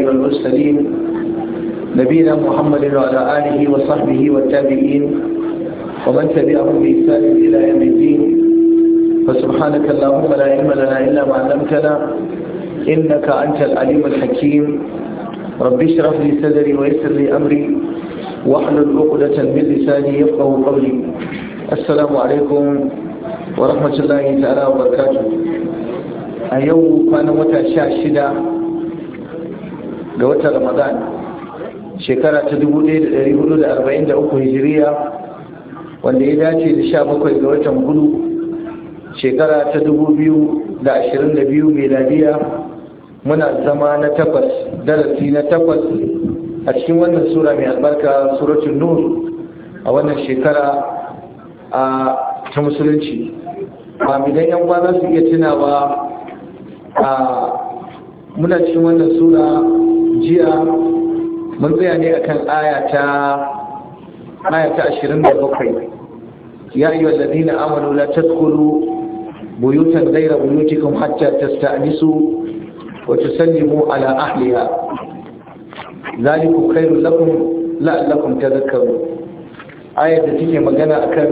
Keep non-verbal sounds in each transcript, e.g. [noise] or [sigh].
والمرسلين نبينا محمد وعلى آله وصحبه والتابعين ومن تبعهم بإحسان إلى يوم الدين فسبحانك اللهم لا علم لنا إلا ما علمتنا إنك أنت العليم الحكيم رب اشرح لي صدري ويسر لي أمري واحلل عقدة من لساني يفقه قولي السلام عليكم ورحمة الله تعالى وبركاته أيوه كان متى شاشدا ga watan ramadan shekara ta 1443 hijiriya wanda ya dace da 17 ga watan gudu. shekara ta 2022 meladiya muna zama na takwas darasi na takwas a cikin wannan sura mai albarka suratun nur a wannan shekara a ta musulunci ba idan yan kwana su iya ba a muna cikin wannan sura jiya mun tsaya ne akan ayata ayata 27 ya ayyuhal ladina amanu la tadkhulu buyutan ghayra buyutikum hatta tasta'nisu wa tusallimu ala ahliha zalikum khairul lakum la'allakum tadhakkarun ayat da take magana akan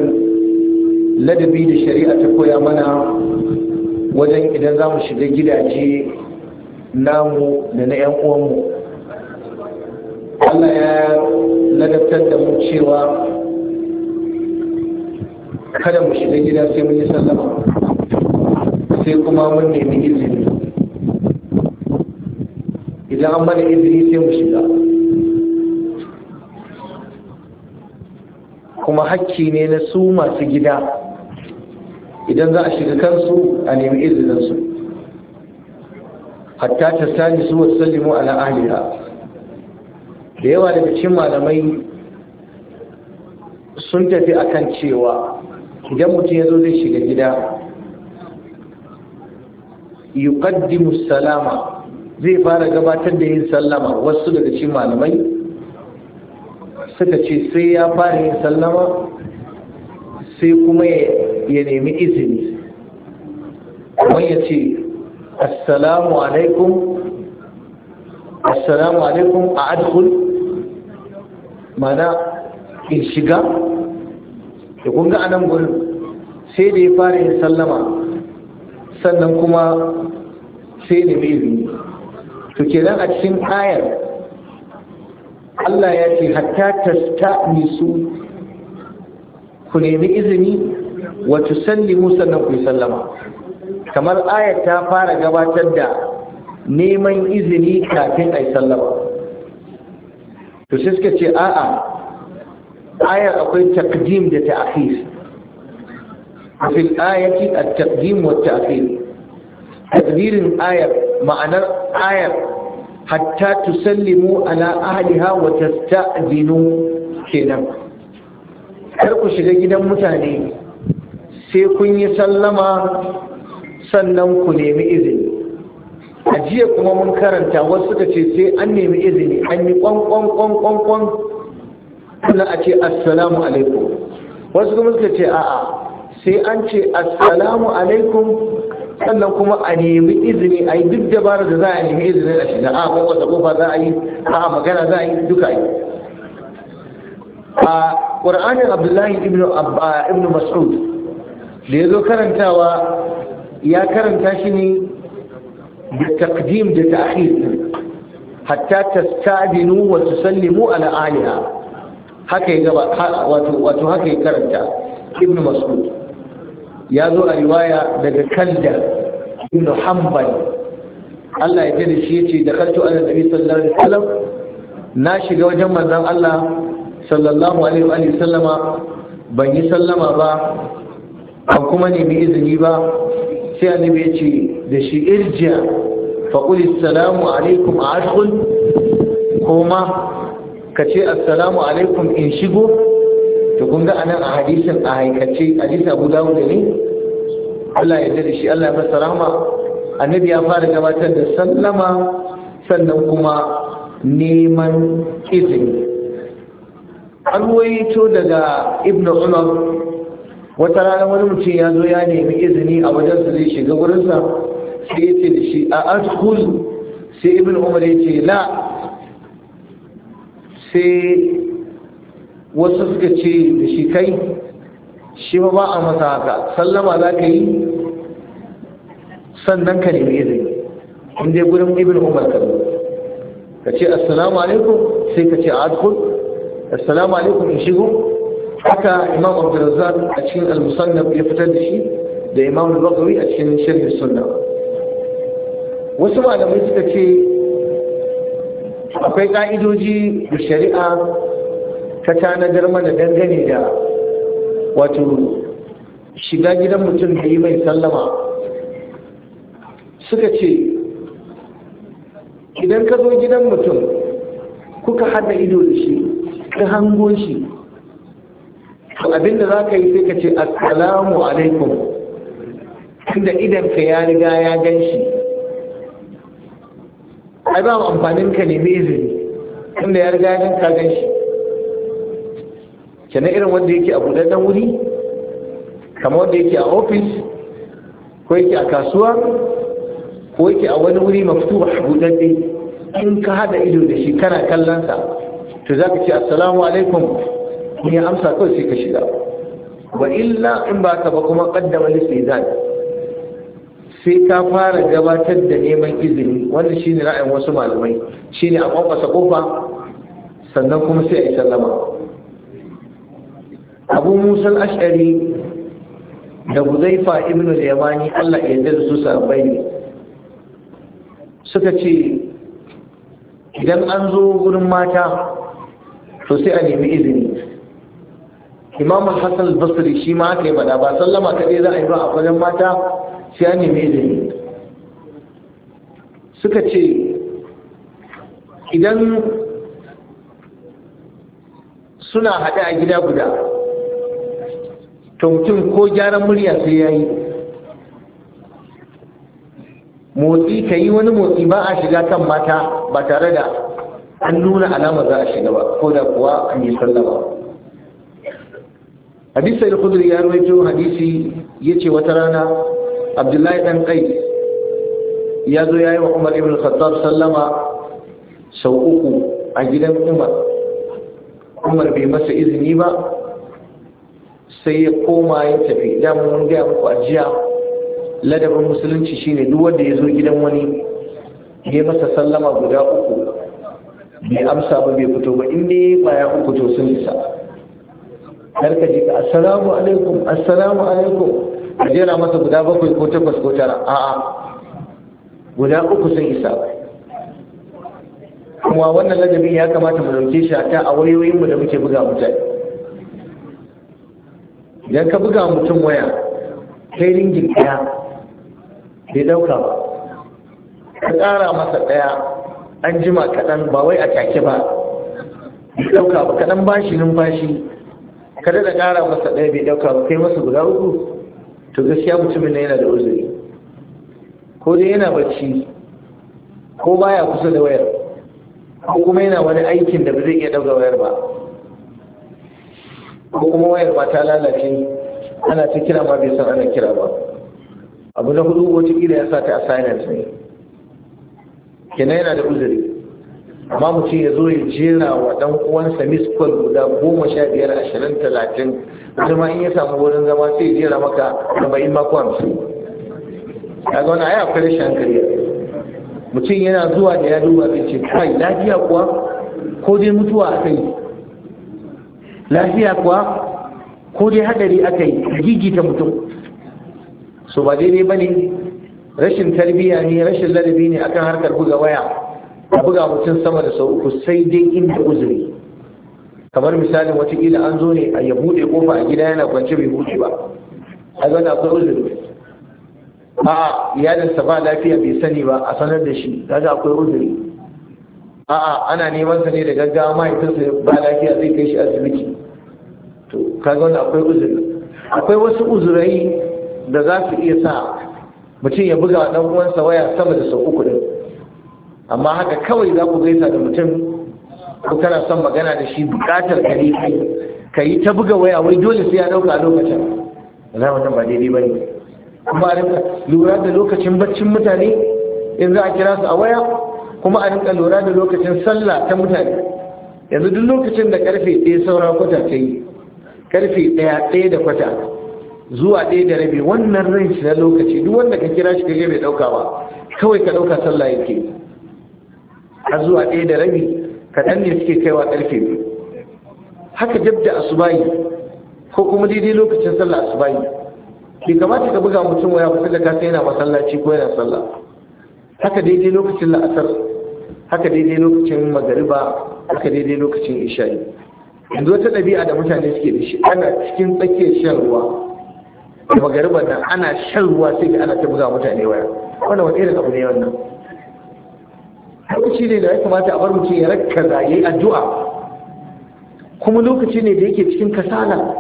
ladabi da shari'a ta koya mana wajen idan za mu shiga gidaje namu da na 'yan uwanmu Allah ya ladabtar da mu cewa kada mu shiga gida sai mun yi sallama sai kuma mun nemi izini idan an mana izini sai mu shiga kuma hakki ne na su masu gida idan za a shiga kansu a nemi izininsu hatta ta sani su wasu ala ahliha da yawa daga cikin malamai sun tafi akan cewa idan mutum ya zo zai shiga gida yuqaddimu salama zai fara gabatar da yin sallama wasu daga cikin malamai suka ce sai ya fara yin sallama sai kuma ya nemi izini kuma ya ce assalamu alaikum assalamu alaikum a adkul mana in shiga da kunga a nan gurin sai da ya fara yin sallama sannan kuma sai da biyu. to kenan a cikin ayar Allah ya ce hatta tasta su, ku nemi izini wa tusallimu sannan ku yi sallama kamar ayat ta fara gabatar da neman izini kafin a yi sallama to sai suka ce a'a ayar akwai takdim da ta'khir fil ayati at-taqdim wa at-ta'khir takdirin ayar ma'anar ayar hatta tusallimu ala ahliha wa tasta'dinu kenan kar ku shiga gidan mutane sai kun yi sallama sannan ku nemi izini a jiya kuma mun karanta wasu suka ce sai an nemi izini an yi kwankwan kwankwan kwan a ce assalamu alaikum wasu kuma suka ce a'a sai an ce assalamu alaikum sannan kuma a nemi izini a yi duk dabarar da za a nemi izini a shiga a kuma wata kofa za a yi a magana za a yi duka yi a ƙur'anin abdullahi ibn mas'ud da ya zo karantawa ya karanta shi ne da taqdim da ta'khir hatta tastadinu wa tusallimu ala aliha haka ya gaba wato haka ya karanta ibn mas'ud ya zo a riwaya daga kalda ibn hanbal Allah ya jada shi ce da kaltu ala nabi sallallahu alaihi wasallam na shiga wajen manzon Allah sallallahu alaihi wa sallama ban yi sallama ba ban kuma nemi izini ba sai annabi ya ce da shi irjiya faƙuli salamu alaikum a ashkul kuma ka ce assalamu alaikum in shigo to kun ga anan a hadisin a haikace jisa guda wuda ne Allah ya da shi Allah ya masa rahama annabi ya fara gabatar da sallama sannan kuma neman izini an waito daga Ibn umar wata rana wani mutum ya zo ya nemi izini a wajen su zai shiga wurinsa sai ya ce da shi a askul sai ibn umar ya ce la sai wasu suka ce da shi kai shi ba ba a masa haka sallama za ka yi sannan ka nemi izini inda gurin ibn umar ka zo ka ce assalamu alaikum sai ka ce a askul assalamu alaikum in shigo haka imam abdulrazak a cikin al-musannaf ya fitar da shi da imam al-bagawi a cikin sharh sunna wasu malamai suka ce akwai ka'idoji da shari'a ta tanadar mana dangane da wato shiga gidan mutum da yi mai sallama suka ce idan ka zo gidan mutum kuka hada ido da shi ka hango shi to abinda za ka yi sai ka ce assalamu alaikum inda idan ka ya riga ya gan shi ai ba mu amfanin ka ne mai izini inda ya riga ya gan ka gan shi kenan irin wanda yake a budadden wuri kamar wanda yake a ofis ko yake a kasuwa ko yake a wani wuri a budadde in ka hada ido da shi kana kallon sa to za ka ce assalamu alaikum in ya amsa kawai sai ka shiga wa illa in ba ka ba kuma kaddama lissizan sai ka fara gabatar da neman izini wannan shine ra'ayin wasu malamai shine a kwakwasa kofa sannan kuma sai a yi sallama abu musan ash'ari da huzaifa ibnu al-yamani Allah ya yarda su sabai ne suka ce idan an zo wurin mata to sai a nemi izini imam hassan basri shi ma ka yi bada ba sallama kaɗai za a yi ba a fagen mata sai an da izini suka ce idan suna haɗe a gida guda to ko gyaran murya sai ya yi motsi ka yi wani motsi ba a shiga kan mata ba tare da an nuna alama za a shiga ba ko da kuwa an yi sallama hadisi da kudur ya rawaito hadisi ya ce wata rana abdullahi dan kai ya zo ya yi wa umar ibn khattab sallama sau uku a gidan umar umar bai masa izini ba sai ya koma ya tafi damar mun gaya muku jiya, ladabin musulunci shine duk wanda ya zo gidan wani ya masa sallama guda uku bai amsa ba bai fito ba inda ya baya uku to sun isa kar ka ji assalamu alaikum assalamu alaikum a jera masa guda bakwai ko takwas ko tara a guda uku sun isa kuma wannan ladabin ya kamata mu dauke shi ta a wayoyin mu da muke buga mutane idan ka buga mutum waya kai ringin daya bai dauka ba ka tsara masa daya an jima kaɗan ba wai a take ba bai dauka ba kaɗan bashi numfashi Kada da ƙara masa ɗaya bai ɗauka ba kai masa guda uku to gaskiya mutumin na yana da uzuri ko dai yana bacci ko baya kusa da wayar ko kuma yana wani aikin da ba zai iya ɗauka wayar ba ko kuma wayar ba ta lalace ana ta kira ma bai san ana kira ba abu na hudu wata kila ya sa ta assignment ne kenan yana da uzuri amma mutum ya zo ya jera wa dan uwansa miskol guda goma sha biyar ashirin talatin kuma in ya samu wurin zama sai ya jera maka arba'in mako hamsin ya ga na ya akwai rashin hankali mutum yana zuwa da ya duba zai ce kai lafiya kuwa ko dai mutuwa a kai lafiya kuwa ko dai hadari aka yi gigita mutum so ba daidai ba ne rashin tarbiyya ne rashin ladabi ne akan harkar buga waya buga mutum sama da sau uku sai dai inda uzuri kamar misalin watakila an zo ne a ya buɗe kofa a gida yana kwance bai buɗe ba a zana akwai uzuri a'a iyalinsa ba lafiya bai sani ba a sanar da shi kaga akwai uzuri a'a ana neman sa ne da gaggawa mahaifinsa ba lafiya zai kai shi asibiti to kaga wannan akwai uzuri akwai wasu uzurai da za su iya sa mutum ya buga ɗan uwansa waya sama da sau uku ɗin amma haka kawai za ku gaisa da mutum ko kana son magana da shi bukatar ka ne ka yi ta buga waya wai dole sai ya dauka a lokacin za mu ba daidai ba ne kuma a rinka lura da lokacin baccin mutane in za a kira su a waya kuma a rinka lura da lokacin sallah ta mutane yanzu duk lokacin da karfe ɗaya saura kwata ta yi karfe ɗaya ɗaya da kwata zuwa ɗaya da rabi wannan ranci na lokaci duk wanda ka kira shi ka bai ɗauka ba kawai ka ɗauka sallah yake har zuwa ɗaya da rabi kaɗan ne suke kaiwa ƙarfe biyu haka jab da asubayi ko kuma daidai lokacin sallah asubayi bai kamata ka buga mutum waya kusa da kasa yana masallaci ko yana sallah haka daidai lokacin la'asar haka daidai lokacin magariba haka daidai lokacin isha'i yanzu wata ɗabi'a da mutane suke da shi ana cikin tsakiyar shan ruwa da magariban nan ana shan ruwa sai ana ta buga mutane waya wannan wani irin abu ne wannan lokaci ne da ya kamata a bar mutum ya rakka ya addu'a kuma lokaci ne da yake cikin kasala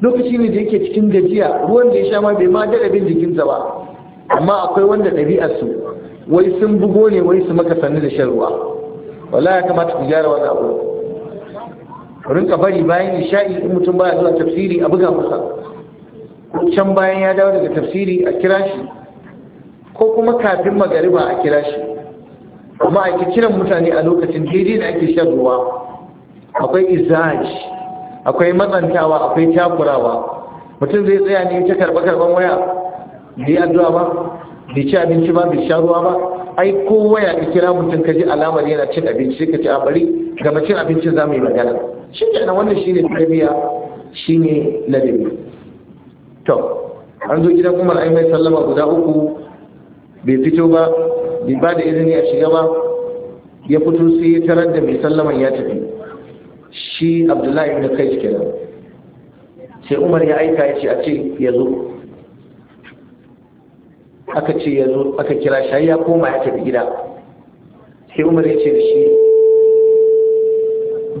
lokaci ne da yake cikin gajiya ruwan da ya sha ma bai ma daɗa bin jikinsa ba amma akwai wanda ɗabi'arsu wai sun bugo ne wai su maka sannu da shan ruwa wala ya kamata ku gyara wani abu rinka bari bayan nishaɗi in mutum baya zuwa tafsiri a buga masa can bayan ya dawo daga tafsiri a kira shi ko kuma kafin magariba a kira shi kuma ake kiran mutane a lokacin daidai da ake shan ruwa akwai izaj akwai matsantawa akwai takurawa mutum zai tsaya ne ta karɓa karɓar waya bai addu'a ba bai ci abinci ba bai sha ruwa ba ai ko waya ka kira mutum ka ji alamar yana cin abinci sai ka ci a bari gama cin abincin za mu yi magana shi nan wannan shine tarbiyya shine ladabi to an zo gidan umar ai sallama guda uku bai fito ba bai ba da izini a shiga ba ya fito sai ya tarar da mai sallaman ya tafi shi abdullahi ibn kai nan. sai umar ya aika ya ce a ce ya zo aka ce ya zo aka kira shi ya koma ya tafi gida sai umar ya ce da shi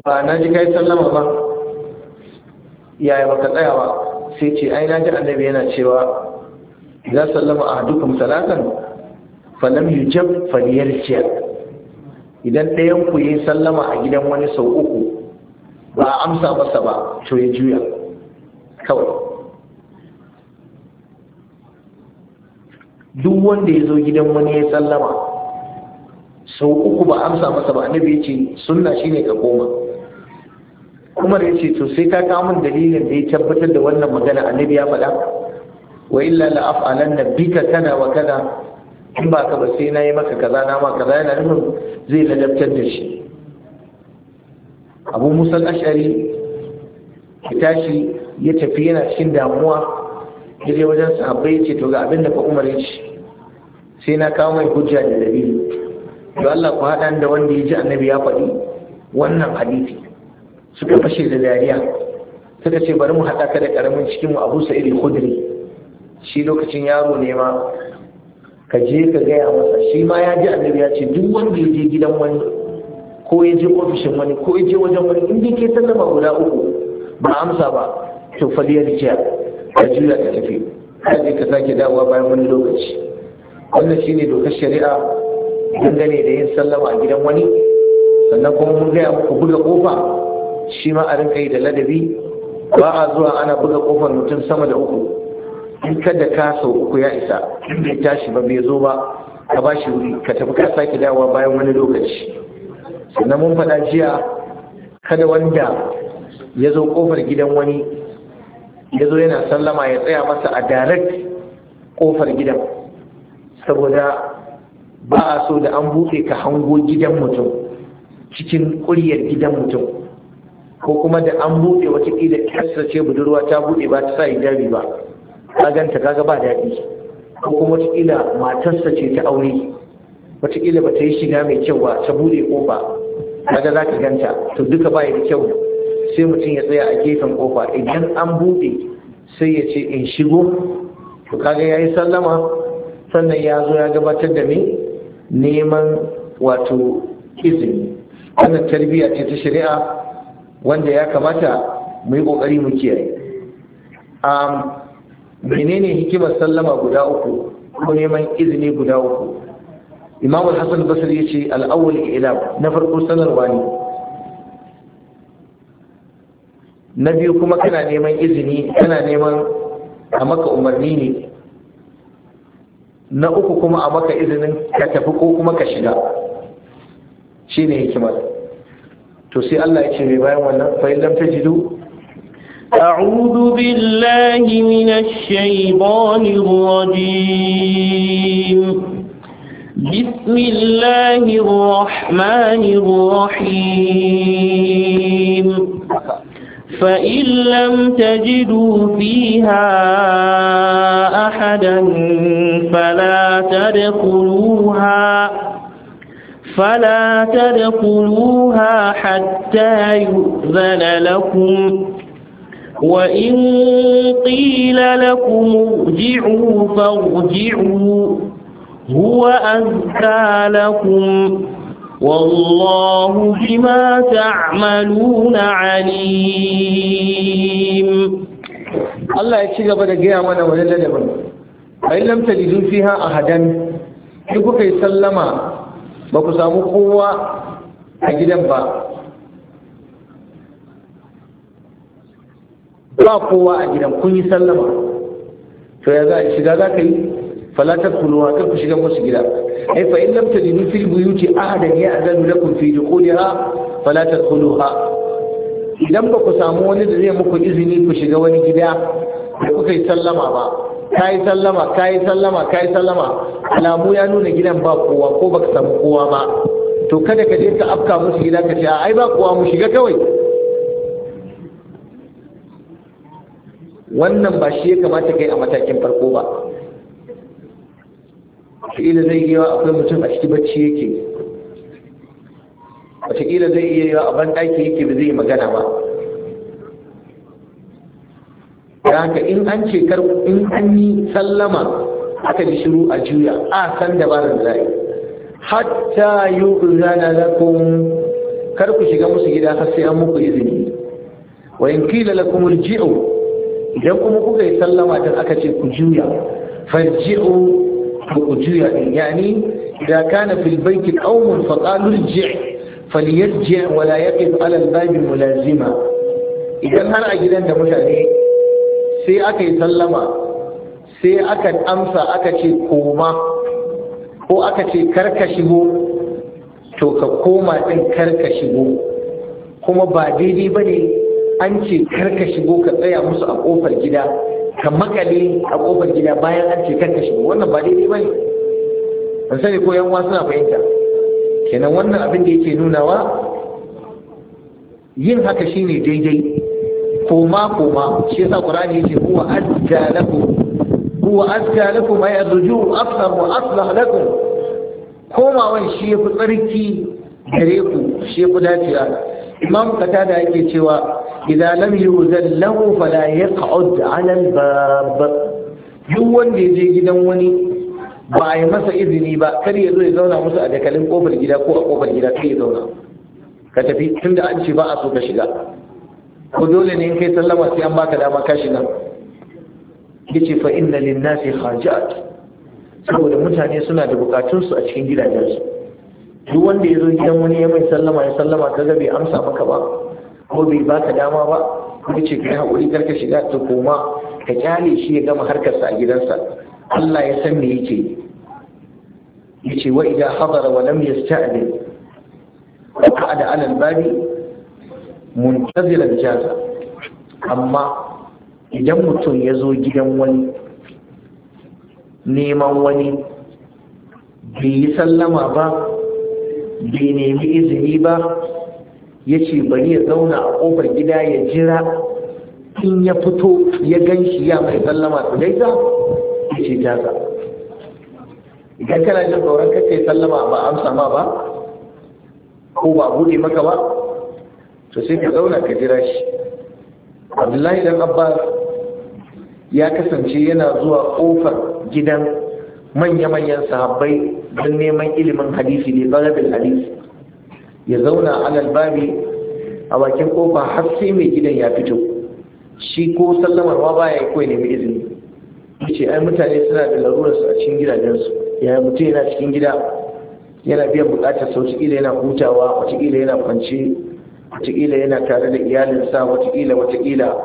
ba na ji kai sallama ba yaya baka tsaya ba sai ce ai na ji annabi yana cewa idan sallama a dukkan salatan falam yujab falyarji idan ɗayan ku yi sallama a gidan wani sau uku ba a amsa masa ba to ya juya kawai duk wanda ya zo gidan wani ya sallama sau uku ba amsa masa ba annabi ce sunna shine ka koma umar ya ce to sai ka kamun dalilin da ya tabbatar da wannan magana annabi ya faɗa wa illa la bika kana wa kana in ba ka ba sai na yi maka kaza na ma kaza yana nufin zai ladabtar da shi abu musa ashari ya tashi ya tafi yana cikin damuwa ya je wajen sahabbai ce to ga abin da fa umar ya ce sai na kawo mai hujja da dalili to Allah ku haɗa da wanda ya ji annabi ya faɗi wannan hadisi suka fashe da dariya suka ce bari mu haɗa ka da ƙaramin cikinmu abu sa'id khudri shi lokacin yaro ne ma ka je ka gaya masa shi ma ya ji annabi ya ce duk wanda ya je gidan wani ko ya je ofishin wani ko ya je wajen wani in dai ke sallama guda uku ba amsa ba to faliyar jiya ka juya ka tafi ka ka sake dawowa bayan wani lokaci wannan shine dokar shari'a dangane da yin sallama a gidan wani sannan kuma mun gaya ku buga kofa shi ma a rinka yi da ladabi ba a zuwa ana buga kofar mutum sama da uku in ka da ka sau uku ya isa in bai tashi ba bai zo ba ka ba shi wuri ka tafi ka sake dawowa bayan wani lokaci sannan mun faɗa jiya kada wanda ya zo ƙofar gidan wani ya zo yana sallama ya tsaya masa a direct ƙofar gidan saboda ba a so da an buɗe ka hango gidan mutum cikin ƙuryar gidan mutum ko kuma da an buɗe wata ƙila ƙasar ce budurwa ta buɗe ba ta sa hijabi ba ka ganta kaga ba daɗi ko kuma wataƙila matarsa ce ta aure wataƙila ba ta yi shiga mai kyau ba ta buɗe ƙofa kaga za ka ganta to duka ba da kyau sai mutum ya tsaya a gefen ƙofa idan an buɗe sai ya ce in shigo to kaga ya yi sallama sannan ya zo ya gabatar da me neman wato izini wannan tarbiyya ce ta shari'a wanda ya kamata mu yi ƙoƙari mu kiyaye menene hikimar sallama guda uku ko neman izini guda uku imam al-hasan basri yace al-awwal ilam na farko sanarwa ne na biyu kuma kana neman izini kana neman a maka umarni ne na uku kuma a maka izinin ka tafi ko kuma ka shiga shine hikimar to sai Allah ya ce mai bayan wannan fa ta lam tajidu أعوذ بالله من الشيطان الرجيم بسم الله الرحمن الرحيم فإن لم تجدوا فيها أحدا فلا تدخلوها فلا تدخلوها حتى يؤذن لكم وإن قيل لكم ارجعوا فارجعوا هو أزكى لكم والله بما تعملون عليم Allah ya ci gaba da gaya mana wani ladabar a yi lamta jidun fiha a hadan duk kuka yi sallama ba ku samu kowa a gidan ba ba kowa a gidan kun yi sallama to ya za a shiga za ka yi falatar kuluwa kar ku shiga musu gida ai fa in lam tajidu fil buyuti ahadan ya'zanu lakum fi dukhuliha fala tadkhuluha idan ba ku samu wani da zai muku izini ku shiga wani gida da kuka yi sallama ba ka yi sallama ka yi sallama ka yi sallama alamu ya nuna gidan ba kowa ko baka samu kowa ba to kada ka je ka afka musu gida ka ce ai ba kowa mu shiga kawai wannan ba shi ya kamata kai a matakin farko ba wataƙila zai iya akwai mutum a ciki bacci yake wataƙila zai iya yawa a banɗaki yake da zai magana ba da haka in an ce in an yi sallama aka ji shiru a juya a san dabarar zai hatta yi uzana lakum kar ku shiga musu gida har sai an muku izini wa in kila lakum irji'u idan kuma kuka yi sallama dan aka ce ku juya farji'u ku juya din yani idza kana fil bayti qaumun fa qalu irji' falyarji' wa la yaqif ala al-bab mulazima idan har a gidan da mutane sai aka yi sallama sai aka amsa aka ce koma ko aka ce karka shigo to ka koma din karka shigo kuma ba daidai bane an ce karka shigo ka tsaya musu a kofar gida ka makale a kofar gida bayan an ce karka shigo wannan ba daidai ne. ban sani ko yan uwa suna fahimta kenan wannan abin da yake nunawa yin haka shine daidai koma koma shi yasa qur'ani yake huwa azka lakum huwa azka lakum ay arju afsar wa aslah lakum komawan shi yafi tsarki gare ku shi yafi dacewa imam katada yake cewa idza lam yuzan lahu fala yaq'ud 'ala al-bab duk wanda je gidan wani ba a yi masa izini ba kar ya zo ya zauna musu a dakalin kofar gida ko a kofar gida kai ya zauna ka tafi tunda an ce ba a so ka shiga ko dole ne in kai sallama sai an baka dama ka shiga yace fa inna lin-nasi hajat saboda mutane suna da bukatunsu a cikin gidajensu duk wanda ya zo gidan wani ya mai sallama ya sallama bai amsa maka ba ko bai baka dama ba kuma ce kai haƙuri karka shiga ta koma ka kyale shi ya gama harkarsa a gidansa Allah ya san me yake yace wa idza hadara wa lam yasta'din qa'ada 'ala al-babi muntazilan jaza amma idan mutum ya zo gidan wani neman wani bai yi sallama ba bai nemi izini ba ya ce bari ya zauna a ƙofar gida ya jira in ya fito ya gan shi ya mai sallama su za ya ce tasa idan kana jin tsoron kace sallama ba amsa ma ba ko ba bude maka ba to sai ka zauna ka jira shi abdullahi dan abbas ya kasance yana zuwa ƙofar gidan manya-manyan sahabbai don neman ilimin hadisi ne ɗalibin hadisi ya zauna alal babi a bakin kofa har sai mai gidan ya fito shi ko sallamarwa baya ya koyi nemi izini ce ai mutane suna da su a cikin gidajensu ya mutum yana cikin gida yana biyan bukatar sa wataƙila yana hutawa wataƙila yana kwance wataƙila yana tare da iyalinsa wata wataƙila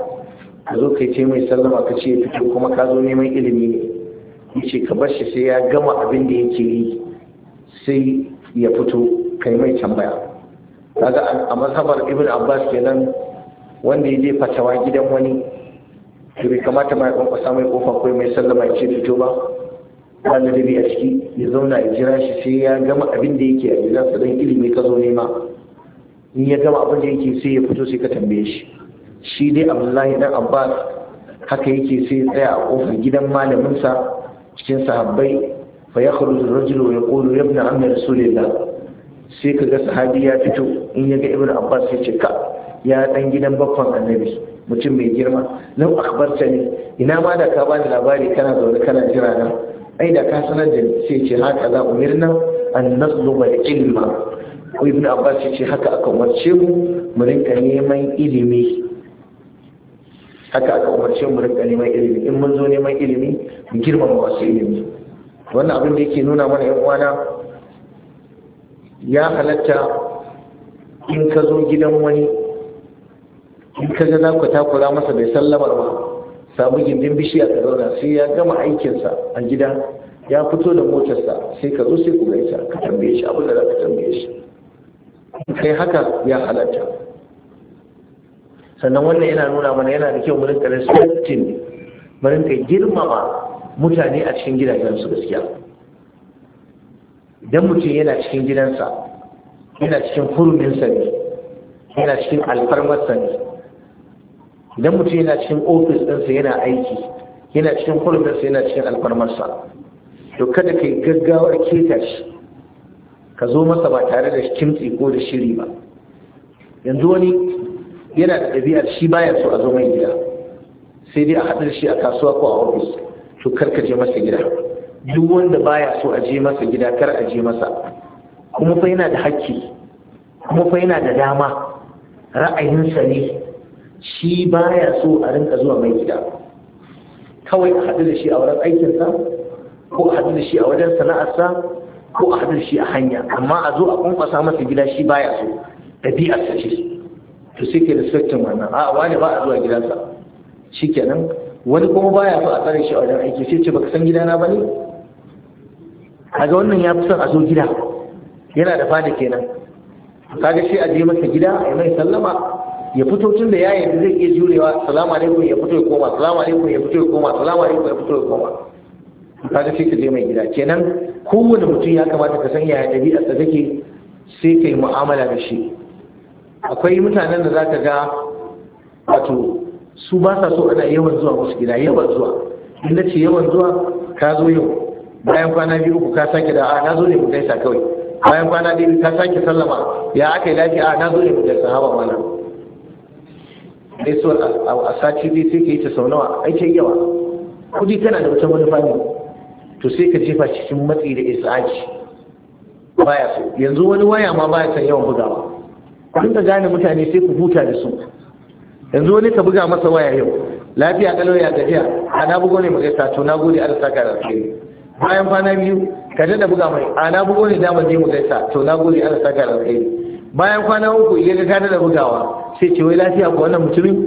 ka zo kai ce mai sallama ka ce fito kuma ka zo neman ilimi ne ya ce ka bar shi sai ya gama abin da yake yi sai ya fito kai mai tambaya kaga a mazhabar ibn abbas kenan wanda ya je fatawa gidan wani to bai kamata mai ya kwankwasa mai kofa ko mai sallama ya ce fito ba ba na dabi a ciki ya zauna ya jira shi sai ya gama abin da yake a gidansa don ilimi ka zo nema in ya gama abin da yake sai ya fito sai ka tambaye shi shi dai abdullahi dan abbas haka yake sai tsaya a kofar gidan malaminsa cikin sahabbai fa yakhruju ar-rajulu wa yaqulu ya ibn ammi rasulillah sai ka ga sahabi ya fito in ya ga ibn abbas ya ce ka ya dan gidan baffan annabi mutum mai girma lau akhbarta ne ina ma da ka bani labari kana zaune kana jira na ai da ka sanar da sai ce haka za umirna an nasluba ilma ibn abbas sai ce haka aka umarce mu mu rinka neman ilimi haka aka umarce mu rinka neman ilimi in mun zo neman ilimi mu girmama wasu ilimi wannan abin da yake nuna mana yan uwana ya halatta in ka zo gidan wani in ka ga ku takura masa bai sallamar ba samu gindin bishiya ka zauna sai ya gama aikinsa a gida ya fito da motarsa sai ka zo sai ku gaisa ka tambaye shi abin da za ka tambaye shi kai haka ya halatta sannan wannan yana nuna mana yana da kyau mu rinka respecting girmama mutane a cikin gidajensu gaskiya idan mutum yana cikin gidansa yana cikin huruminsa ne yana cikin alfarmarsa ne idan mutum yana cikin ofis ɗinsa yana aiki yana cikin huruminsa yana cikin alfarmarsa to kada ka yi gaggawar keta shi ka zo masa ba tare da kimtsi ko da shiri ba yanzu wani yana da ɗabi'ar shi baya so a zo mai gida sai dai a haɗar shi a kasuwa ko a ofis to kar ka je masa gida duk wanda baya so a je masa gida kar a je masa kuma fa yana da hakki kuma fa yana da dama ra'ayinsa ne shi baya so a rinka zuwa mai gida kawai a haɗu da shi a wurin aikinsa ko a haɗu da shi a wajen sana'arsa ko a haɗu da shi a hanya amma a zo a kwankwasa masa gida shi baya so ɗabi'arsa ce to sai ke respectin wannan a wani ba a zuwa gidansa shikenan wani kuma baya so a tsare shi a wajen aiki sai ce baka san gidana ba ne kaga wannan ya fi son a zo gida yana da fada kenan kaga shi a je masa gida a mai sallama ya fito tun da yayin zai iya jurewa salamu alaikum ya fito ya koma salamu alaikum ya fito ya koma salamu alaikum ya fito ya koma kaga shi ka je mai gida kenan kowane mutum ya kamata ka san yaya ta take sai ka yi mu'amala da shi akwai mutanen da za ka ga wato su ba sa so ana yawan zuwa musu gida yawan zuwa inda ce yawan zuwa ka zo yau bayan kwana biyu ku ka sake da a ah, na zo ne mu gaisa kawai bayan kwana biyu ka sake sallama ya aka yi lafiya a ah, na zo ne mu gaisa haba mana dai so a sati biyu sai ka yi ta sau nawa ai yawa kudi tana da wata manufa ne to sai ka jefa cikin matsi da isaji baya so yanzu wani waya ma baya son yawan bugawa kun ta gane mutane sai ku huta da su yanzu wani ka buga masa waya yau lafiya kalau ya gajiya a ah, na bugo ne mu gaisa to na gode Allah saka da alheri bayan kwana biyu ka da buga mai a na bugo ne dama je mu gaisa to na gode ana saka da kai bayan kwana uku ga ka da bugawa sai ce wai lafiya ko wannan mutumin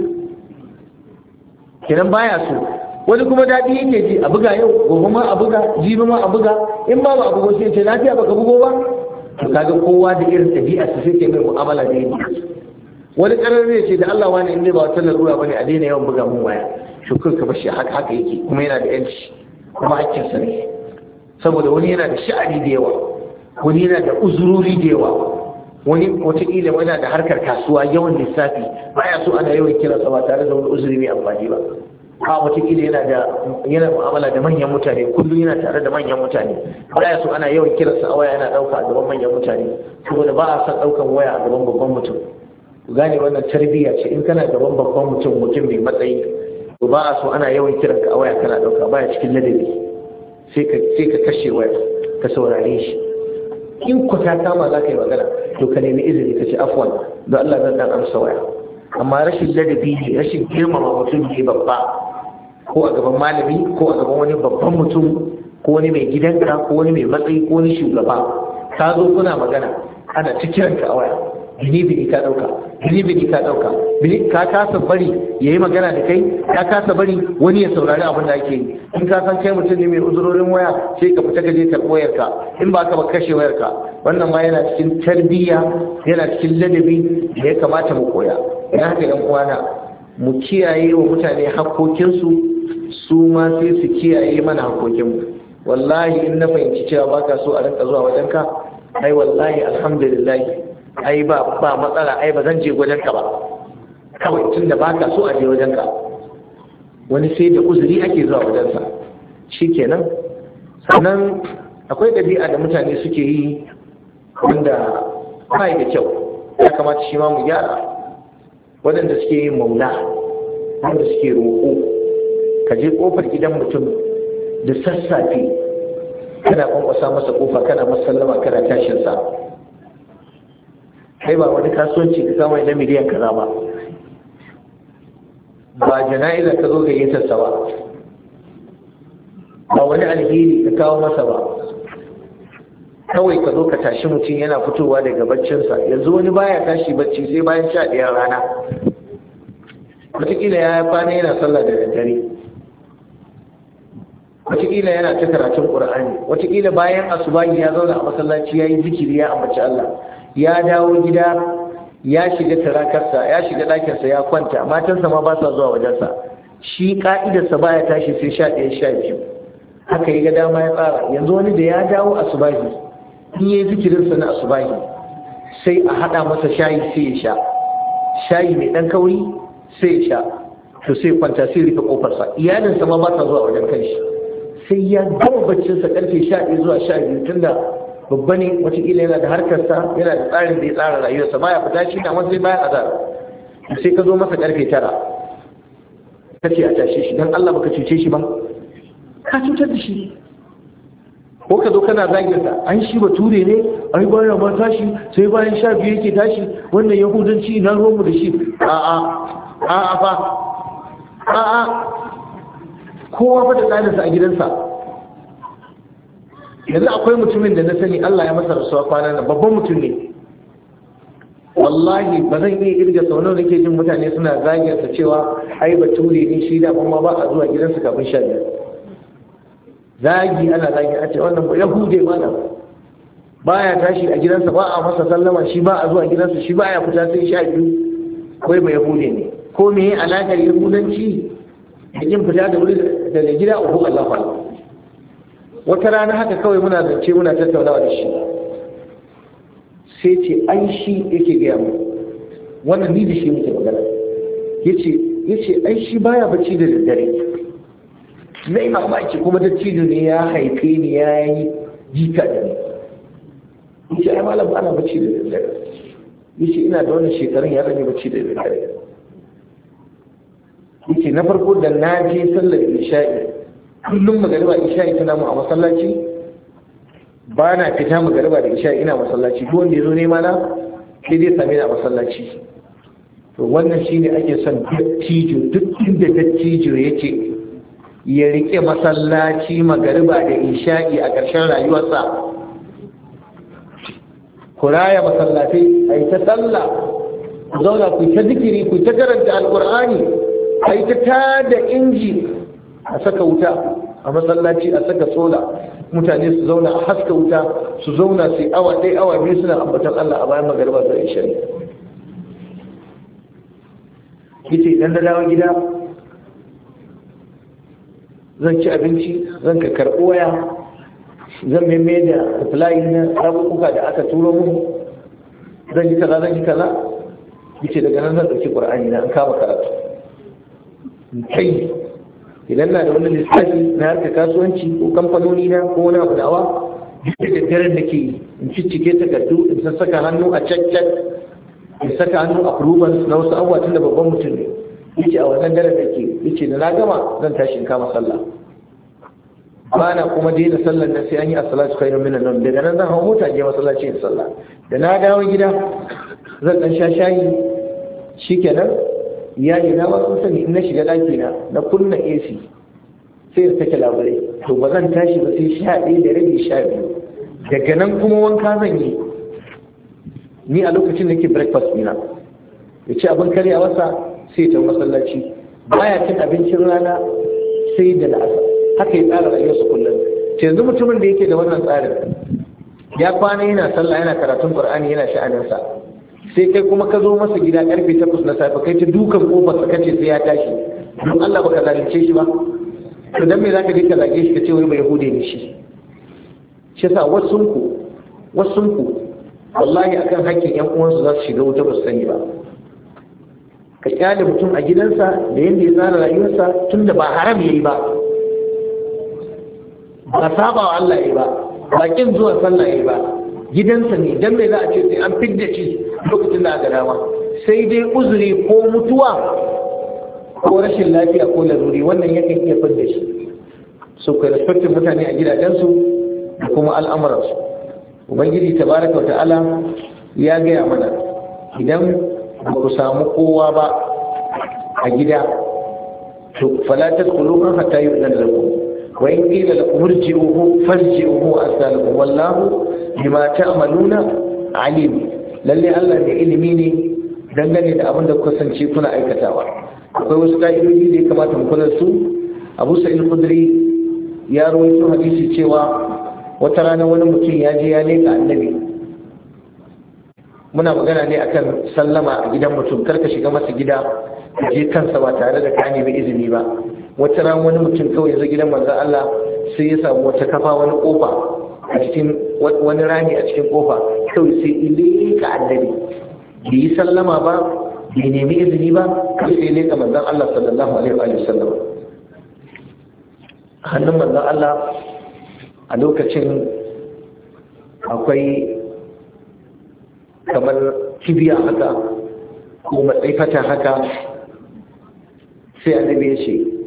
kenan baya so wani kuma daɗi yake ji a buga yau gobe ma a buga jibi ma a buga in ba ba a bugo sai ce lafiya baka bugo ba to kaga kowa da irin tabi'a su sai ke mai mu'amala da yake wani karar ne ce da Allah wani in ba wata larura bane a daina yawan buga mun waya shukur ka bashi haka haka yake kuma yana da yanci kuma hakkin sa ne saboda wani yana da sha'ani da yawa wani yana da uzurori da yawa wani wataƙila yana da harkar kasuwa yawan lissafi baya so ana yawan kira sa ba tare da wani uzuri mai amfani ba a wataƙila yana da yana mu'amala da manyan mutane kullum yana tare da manyan mutane baya so ana yawan kira sa waya yana ɗauka a gaban manyan mutane saboda ba a son ɗaukan waya a gaban babban mutum gane wannan tarbiyya ce in kana gaban babban mutum mutum mai matsayi ba a so ana yawan kiranka a waya kana ɗauka baya cikin ladabi sai ka kashe waya ka saurare shi in ku ta kama za ka yi magana to ka nemi izini ka ce afwan don Allah zan dan amsa waya amma rashin ladabi ne rashin girmama mutum ne babba ko a gaban malami ko a gaban wani babban mutum ko wani mai gidanka ko wani mai matsayi ko wani shugaba ka zo kuna magana ana cikin ka a waya bilibili ka dauka bilibili ka dauka ka kasa bari ya yi magana da kai ka kasa bari wani ya saurari abin da ake yi in ka san kai mutum ne mai uzurorin waya sai ka fita ka je karɓi wayarka in ba ka ba kashe wayarka wannan ma yana cikin tarbiyya yana cikin ladabi da ya kamata mu koya ina haka yan uwana mu kiyaye wa mutane hakkokinsu su ma sai su kiyaye mana mu. wallahi in na fahimci cewa baka so a rinka zuwa wajenka ai wallahi alhamdulillah ai ba ba matsala ai ba zan je wajen ka ba kawai tun da baka so a je wajen ka wani sai da uzuri ake zuwa wajen sa shikenan sannan akwai ɗabi'a da mutane suke yi wanda ba da kyau ya kamata shi ma mu gyara waɗanda suke yin maula wanda suke roƙo ka je ƙofar gidan mutum da sassafe kana kwankwasa masa ƙofa kana masallama kana tashinsa kai ba wani kasuwanci ka samu na miliyan kaza ba ba jana'iza ka zo gayyatarsa ba ba wani alheri ka kawo masa ba kawai ka zo ka tashi mutum yana fitowa daga baccinsa yanzu wani baya tashi bacci sai bayan sha ɗayan rana wataƙila ya kwana yana sallah da daddare wataƙila yana ta karatun ƙur'ani wataƙila bayan asubahi ya zauna a masallaci ya yi zikiri ya ambaci Allah ya dawo gida ya shiga tarakarsa ya shiga ɗakinsa ya kwanta matansa ma ba sa zuwa wajensa shi ƙa'idarsa ba ya tashi sai sha ɗaya sha biyu haka yi ga dama ya tsara yanzu wani da ya dawo subahi in yi zikirinsa na subahi sai a haɗa masa shayi sai ya sha shayi mai ɗan kauri sai ya sha to sai kwanta sai rufe ƙofarsa iyalinsa ma ba sa zuwa wajen kanshi sai ya gama baccinsa ƙarfe sha ɗaya zuwa sha biyu tunda babba ne wataƙila yana da harkar sa yana da tsarin da ya tsara rayuwarsa Ba ya fita shi na wasu baya azar sai ka zo masa karfe tara ka ce a tashe shi don Allah baka cuce shi ba ka cutar da shi ko ka zo kana sa an shi bature ne ai bayan ma tashi sai bayan sha biyu yake tashi wannan yahudanci na mu da shi a'a a'a fa a'a kowa fa da tsarinsa a gidansa yanzu akwai mutumin da na sani Allah ya masa rasuwa kwana nan babban mutum ne wallahi ba zan iya irga saunar da ke jin mutane suna zagin sa cewa ai Ture ne shi da kuma ba a zuwa gidansa kafin sha biyar zagi ana zagi a ce wannan ya hude mana ya tashi a gidansa ba a masa sallama shi ba a zuwa gidansa shi ba ya fita sai sha biyu kawai ba hude ne ko me alakar yahudanci da kin fita da wuri da gida uku Allah kwallo wata rana haka kawai muna zance muna tattaunawa da shi sai ce an shi yake gaya mu wannan ni da shi muke magana ya ce an shi baya bacci da daddare na yi mamaki kuma da cido ne ya haife ni ya yi jika da ni ya ce ai malam ana bacci da daddare ya ce ina da wannan shekarun ya rage bacci da daddare ya ce na farko da na je sallar isha'i kullum magariba isha'i tana mu a masallaci ba na fita magariba da isha'i ina masallaci duk wanda ya zo nema na sai dai same ni masallaci to wannan ne ake son dattijo duk inda dattijo yake ya rike masallaci magariba da isha'i a ƙarshen rayuwarsa ku raya masallatai a yi ta sallah zauna ku ta zikiri ku ta karanta alƙur'ani a yi ta tada inji a saka wuta a masallaci a saka sola mutane su zauna a haska wuta su zauna su awa ɗaya awa biyu suna ambatan Allah a bayan magarba zai ishe ne yace idan da dawo gida zan ci abinci zan ka karɓi waya zan meme da fulayi na rabukuka da aka turo mu zan yi kaza zan yi kaza yace daga nan zan ɗauki ƙur'ani na an kama karatu kai idan na da wani lissafi na harka kasuwanci ko kamfanoni na ko wani abu dawa duk da daren da ke in ciccike takardu in sassaka hannu a cancan in saka hannu a approvals na wasu abubuwa tun da babban mutum ne yace a wannan daren da ke yace da na gama zan tashi in kama sallah bana kuma daina sallar da sai an yi as-salatu nan minan nan, daga nan zan hawo mota je masallaci in sallah da na dawo gida zan dan sha shayi shikenan iyali na wasu sani na shiga ɗaki na na kunna AC sai ya sake labarai to ba zan tashi ba sai sha ɗaya da rabi sha biyu daga nan kuma wanka zan yi ni a lokacin da ke breakfast dina ya ci abin kare a wasa sai ta masallaci baya cin abincin rana sai da la'asa haka ya tsara su kullum yanzu mutumin da yake da wannan tsarin ya kwana yana sallah yana karatun qur'ani yana sha'aninsa sai kai kuma ka zo masa gida karfe takwas na safe kai ta dukan kofar ka kace sai ya tashi don Allah baka zalunce shi ba to dan me zaka dinka zage shi ka wai bai yahude ne shi shi yasa wasun ku wasun ku wallahi akan hakkin yan uwansu za su shiga wuta ba su sani ba ka kyale mutum a gidansa da yanda ya tsara rayuwarsa tunda ba haram yayi ba ba saba wa Allah yayi ba ba kin zuwa sallah yayi ba gidansa ne dan me za a ce sai an fidda shi lokacin da aka dama sai dai uzuri ko mutuwa ko rashin lafiya ko laruri wannan yakan iya fadda shi so ka respectin mutane a gidajensu da kuma al'amuransu ubangiji tabaraka wa ta'ala ya gaya mana idan ba ku samu kowa ba a gida to fala tadkhuluha hatta yu'lan lakum وإن قيل لكم ارجعوه فارجعوه أسألكم والله بما تعملون عليم lalle Allah ne ilimi ne dangane da abin da kasance kuna aikatawa akwai wasu ka'idoji da ya kamata mu kula su Abu Sa'id Khudri ya rawaito hadisi cewa wata rana wani mutum ya je ya leka annabi muna magana ne akan sallama a gidan mutum karka shiga masa gida je kansa ba tare da ka nemi izini ba wata rana wani mutum kawai ya zo gidan manzon Allah sai ya samu wata kafa wani kofa a cikin wani rani a cikin kofa kawai sai ile ka annabi bai yi sallama ba bai nemi izini ba kawai sai ile ka manzan Allah sallallahu alaihi wa sallam hannun manzan Allah a lokacin akwai kamar kibiya haka ko matsaifata haka sai annabi ya ce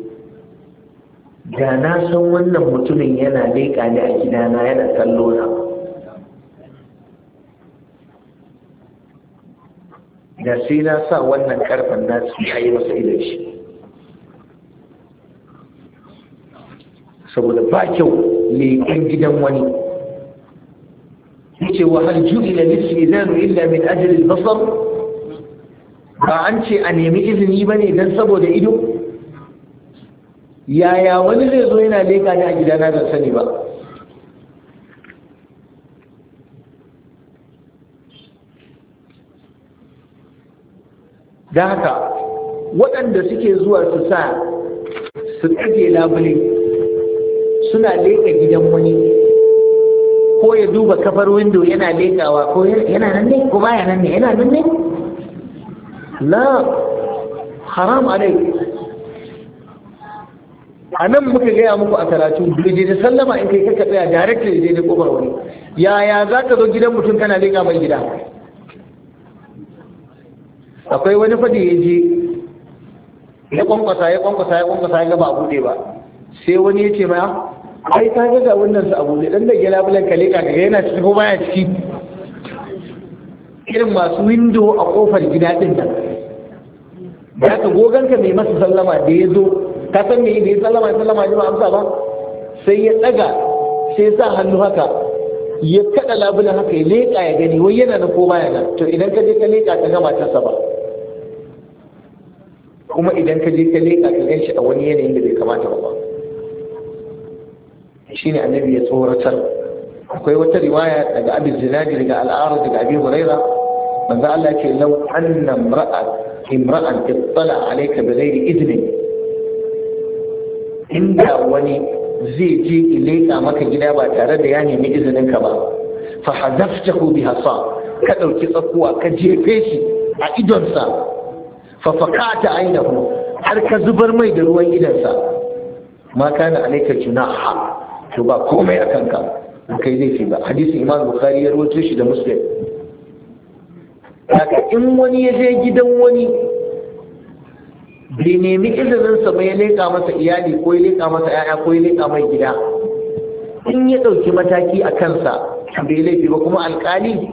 da na san wannan mutumin yana leƙa ni a gidana yana kallo na da sai na sa wannan karfan na su yi masa idan shi saboda ba kyau leƙen gidan wani yace wa hal ju'ila lismizanu illa min ajli al-basar ba an ce a nemi izini bane dan saboda ido yaya wani zai zo yana leka ni a gidana ban sani ba da haka waɗanda suke zuwa su sa su ɗage labule suna leka gidan wani ko ya duba kafar windo yana lekawa ko yana nan ne ko baya nan ne yana nan ne la haram alaikum a nan muka gaya muku a karatu bai da sallama in kai kaka tsaya da dai da kofar wani yaya za ka zo gidan mutum kana leƙa mai gida akwai wani fadi ya je ya kwankwasa ya kwankwasa ya kwankwasa ya gaba a buɗe ba sai wani ya ce ma ai ka ga ga wannan su abu dan da gela bulan ka leƙa ga yana ciki ko baya ciki irin masu window a kofar gida din nan Ya ka ka mai masa sallama da ya zo ka san me bai sallama ya sallama ya amsa ba sai ya daga sai ya sa hannu haka ya kada labulan haka ya leƙa ya gani wai yana na ko baya to idan ka je ka leƙa ka gama ta ba kuma idan ka je ka leƙa ka gan shi a wani yanayin da bai kamata ba shine annabi ya tsoratar akwai wata riwaya daga abin zinadi daga al'ara daga abin huraira manzo Allah ce lau anna imra'an imra'an ittala alayka bi ghairi idnin inda wani zai je ileka maka gida ba tare da ya nemi izinin ka ba fa hadaftahu bi hasa ka dauki tsakuwa ka jefe shi a idonsa fa fakata ainahu har ka zubar mai da ruwan idonsa ma kana alaika junaha to ba komai a kanka kai zai ba hadisin imam bukhari ya rawaito shi da muslim haka in wani ya je gidan wani bai nemi izinin sa ya leka masa iyali ko ya leka masa yaya ko ya leka mai gida in ya ɗauki mataki a kansa bai laifi ba kuma alkali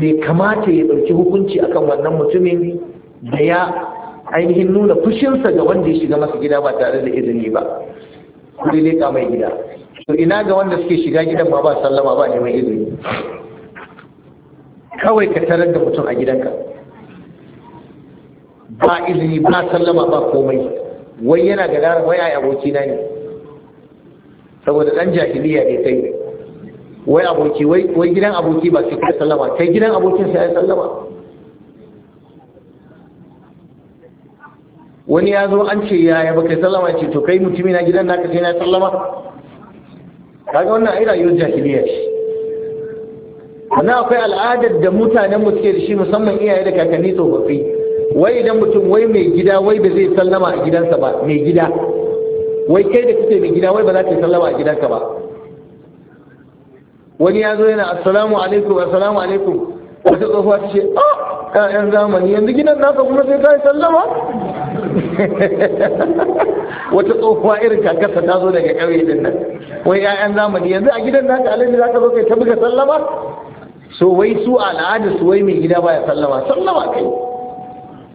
bai kamata ya ɗauki hukunci akan wannan mutumin da ya ainihin nuna fushinsa ga wanda ya shiga masa gida ba tare da izini ba ko ya leka mai gida to ina ga wanda suke shiga gidan ma ba sallama ba neman izini kawai ka tarar da mutum a gidanka ba izini ba sallama ba komai wai yana da larar wai ai abokina ne saboda dan jahiliya ne kai wai aboki wai gidan aboki ba sai sallama kai gidan abokin sai ai sallama wani ya zo an ce yaya baka sallama ce to kai mutumi na gidan naka sai na sallama kaga wannan ai rayuwar jahiliya ce wannan akwai al'adar da mutanen mu suke da shi musamman iyaye da kakanni tsofaffi wai idan mutum wai mai gida wai ba zai sallama a gidansa ba mai gida wai kai da kike mai gida wai ba za ka sallama a gidanka ba wani ya zo yana assalamu alaikum assalamu alaikum wata tsohuwa ta ce oh, a ƴaƴan zamani yanzu gidan naka kuma sai ka yi sallama [laughs] wata tsohuwa irin kakarsa ta zo daga ƙauye din nan wai ƴaƴan zamani yanzu a gidan naka alaikum za ka zo kai ta buga sallama so wai su al'ada su wai mai gida baya sallama sallama kai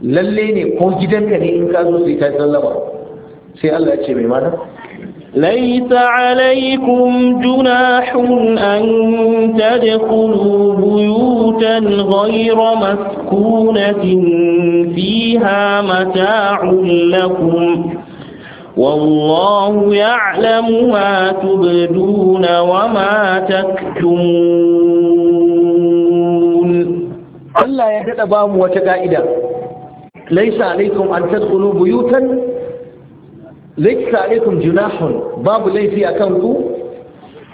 lalle ne ko gidanka ne in ka zo sai ka sallama sai Allah ya ce mai mana ليس عليكم جناح أن تدخلوا بيوتا غير مسكونة فيها متاع لكم والله يعلم ما تبدون وما تكتمون الله يهدى بام وتقائدا ليس عليكم أن تدخلوا بيوتا ليس عليكم جناح babu laifi akan ku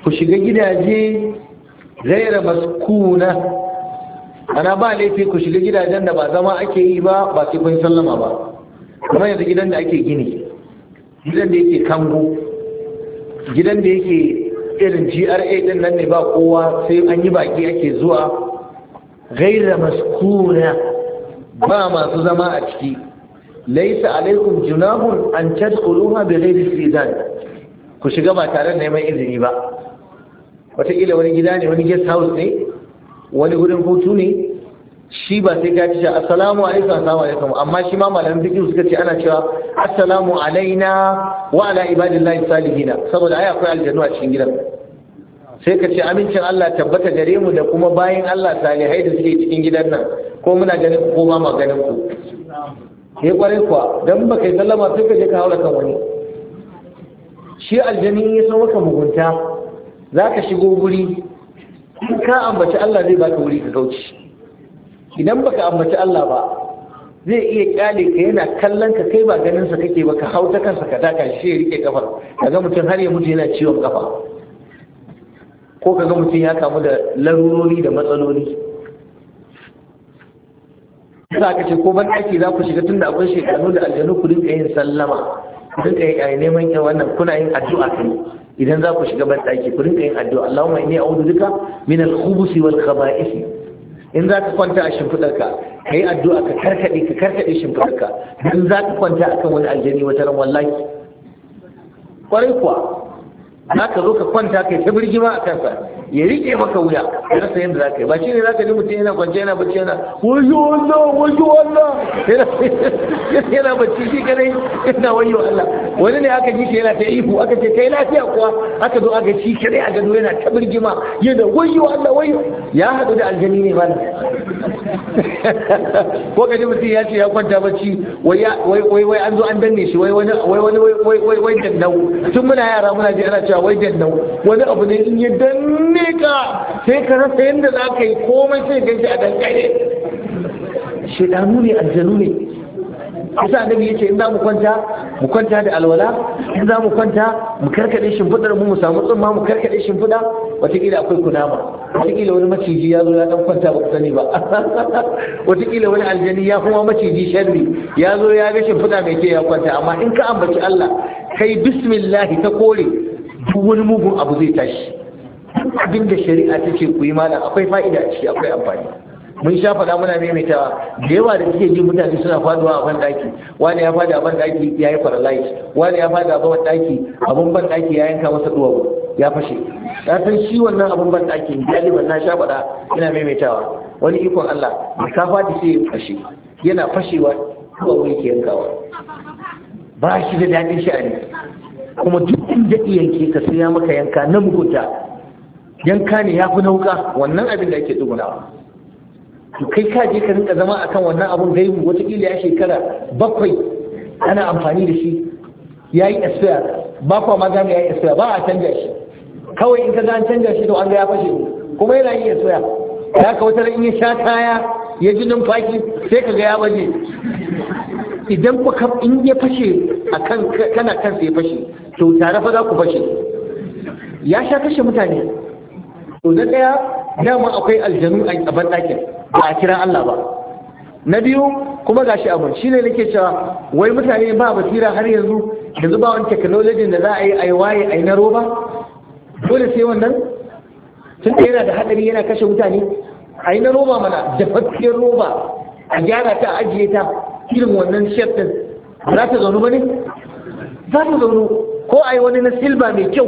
ku shiga gidaje gaira maskuna ana ba laifi ku shiga gidajen da ba zama ake yi ba ba sai sallama ba kuma yanzu gidan da ake gini gidan da yake irin GRA din nan ne ba kowa sai an yi baki ake zuwa gaira maskuna ba masu zama a ciki laisa alaikum junahun an tadkhuluha bighairi izan ku shiga ba tare da neman izini ba wataƙila wani gida ne wani guest house ne wani gurin hutu ne shi ba sai ka ce assalamu alaikum assalamu alaikum amma shi ma malam dukin suka ce ana cewa assalamu alaina wa ala ibadillahi salihina saboda ai akwai aljannu a cikin gidan sai ka ce amincin Allah tabbata gare mu da kuma bayan Allah salihai da suke cikin gidan nan ko muna ganin ko ma ma ganin ku ne eh, kwarai kuwa dan baka yi sallama sai ka je ka haura kan wani shi aljani ya san maka mugunta zaka shigo guri in ka ambaci Allah zai baka wuri ka kauce idan baka ambaci Allah ba zai iya kyale ka yana kallon ka kai ba ganin sa kake ba ka hauta kansa ka daka shi ya rike kafar kaga mutum har ya mutu yana ciwon kafa ko kaga mutum ya kamu da larurori da matsaloli yasa aka ce ko banɗaki za ku shiga tunda akwai shekaru da aljanu ku dinga yin sallama ku dinga yin neman yin wannan kuna yin addu'a ne idan za ku shiga banɗaki ku dinga yin addu'a Allahumma inni a'udhu duka min al-khubuth wal khaba'is in za ka kwanta a shimfidar ka yi addu'a ka karkaɗe ka karkaɗe ka in za ka kwanta akan wani aljani wata ran wallahi kwarai kuwa za ka zo ka kwanta kai ta birgima a kansa ya rike maka wuya ya rasa yadda zaka yi ba shi ne zaka ji mutum yana kwance yana bacci yana wayo Allah wayo Allah [laughs] yana bacci shi kadai yana wayo Allah wani ne aka ji shi yana ta ihu aka ce kai lafiya kuwa aka zo aka ci kadai a gado yana ta birgima yana wayo Allah wayo ya haɗu da aljani ne ba [laughs] ko ji mutum ya ce ya kwanta bacci wai wai an zo an danne shi wai wani wai wani wai wai wai dannau tun muna yara muna ji ana cewa wai dannau wani abu ne in ya danne ka sai ka rasa yadda za ka yi komai sai ganshi a dankare shedanu ne aljanu ne kusa annabi ce in za mu kwanta mu kwanta da alwala in za mu kwanta mu karkade shimfidar mu mu samu tsumma mu karkade shimfida watakila akwai kunama watakila wani maciji ya zo ya dan kwanta ba sani ba [laughs] watakila wani aljani ya kuma maciji sharri ya zo ya ga shimfida mai ke ya kwanta amma in ka ambaci Allah kai bismillah ta kore duk wani mugun abu zai tashi abin da shari'a ta ce ku yi mana, akwai fa'ida a ciki akwai amfani mun sha faɗa muna maimaitawa da yawa da suke jin mutane suna faduwa a banɗaki wani ya fada a banɗaki ya yi paralyze wani ya fada a banɗaki abin banɗaki ya yanka masa duwawu ya fashe ta san shi wannan abin banɗaki galiban na sha faɗa ina maimaitawa wani ikon Allah da ka fadi sai ya fashe yana fashewa wani yake yankawa ba shi da daɗin sha'ani kuma duk inda iyanke ka sai ya maka yanka na mugunta yanka ne ya fi nauka wannan abin da ake tsugunawa to kai ka je ka rinka zama akan wannan abun gaibu wataƙila ya shekara bakwai ana amfani da shi ya yi expire ba kwa ma gane ya yi expire ba a canja shi kawai in ka ga an canja shi to an ga ya fashe kuma yana yi expire ya ka wata in ya sha kaya ya ji numfashi sai ka ga ya baje idan ku in ya fashe akan kana kan sai fashe to tare fa za ku fashe ya sha kashe mutane to na ɗaya dama akwai aljanu a banɗakin ba a kira Allah ba na biyu kuma gashi abu shi ne nake cewa wai mutane ba basira har yanzu yanzu ba wani technology da za a yi ai waye ai na roba dole sai wannan tun da yana da hadari yana kashe mutane ai na roba mana dafaffiyar roba a gyara ta ajiye ta irin wannan shef din za ta zaunu bane za ta zaunu ko ai wani na silba mai kyau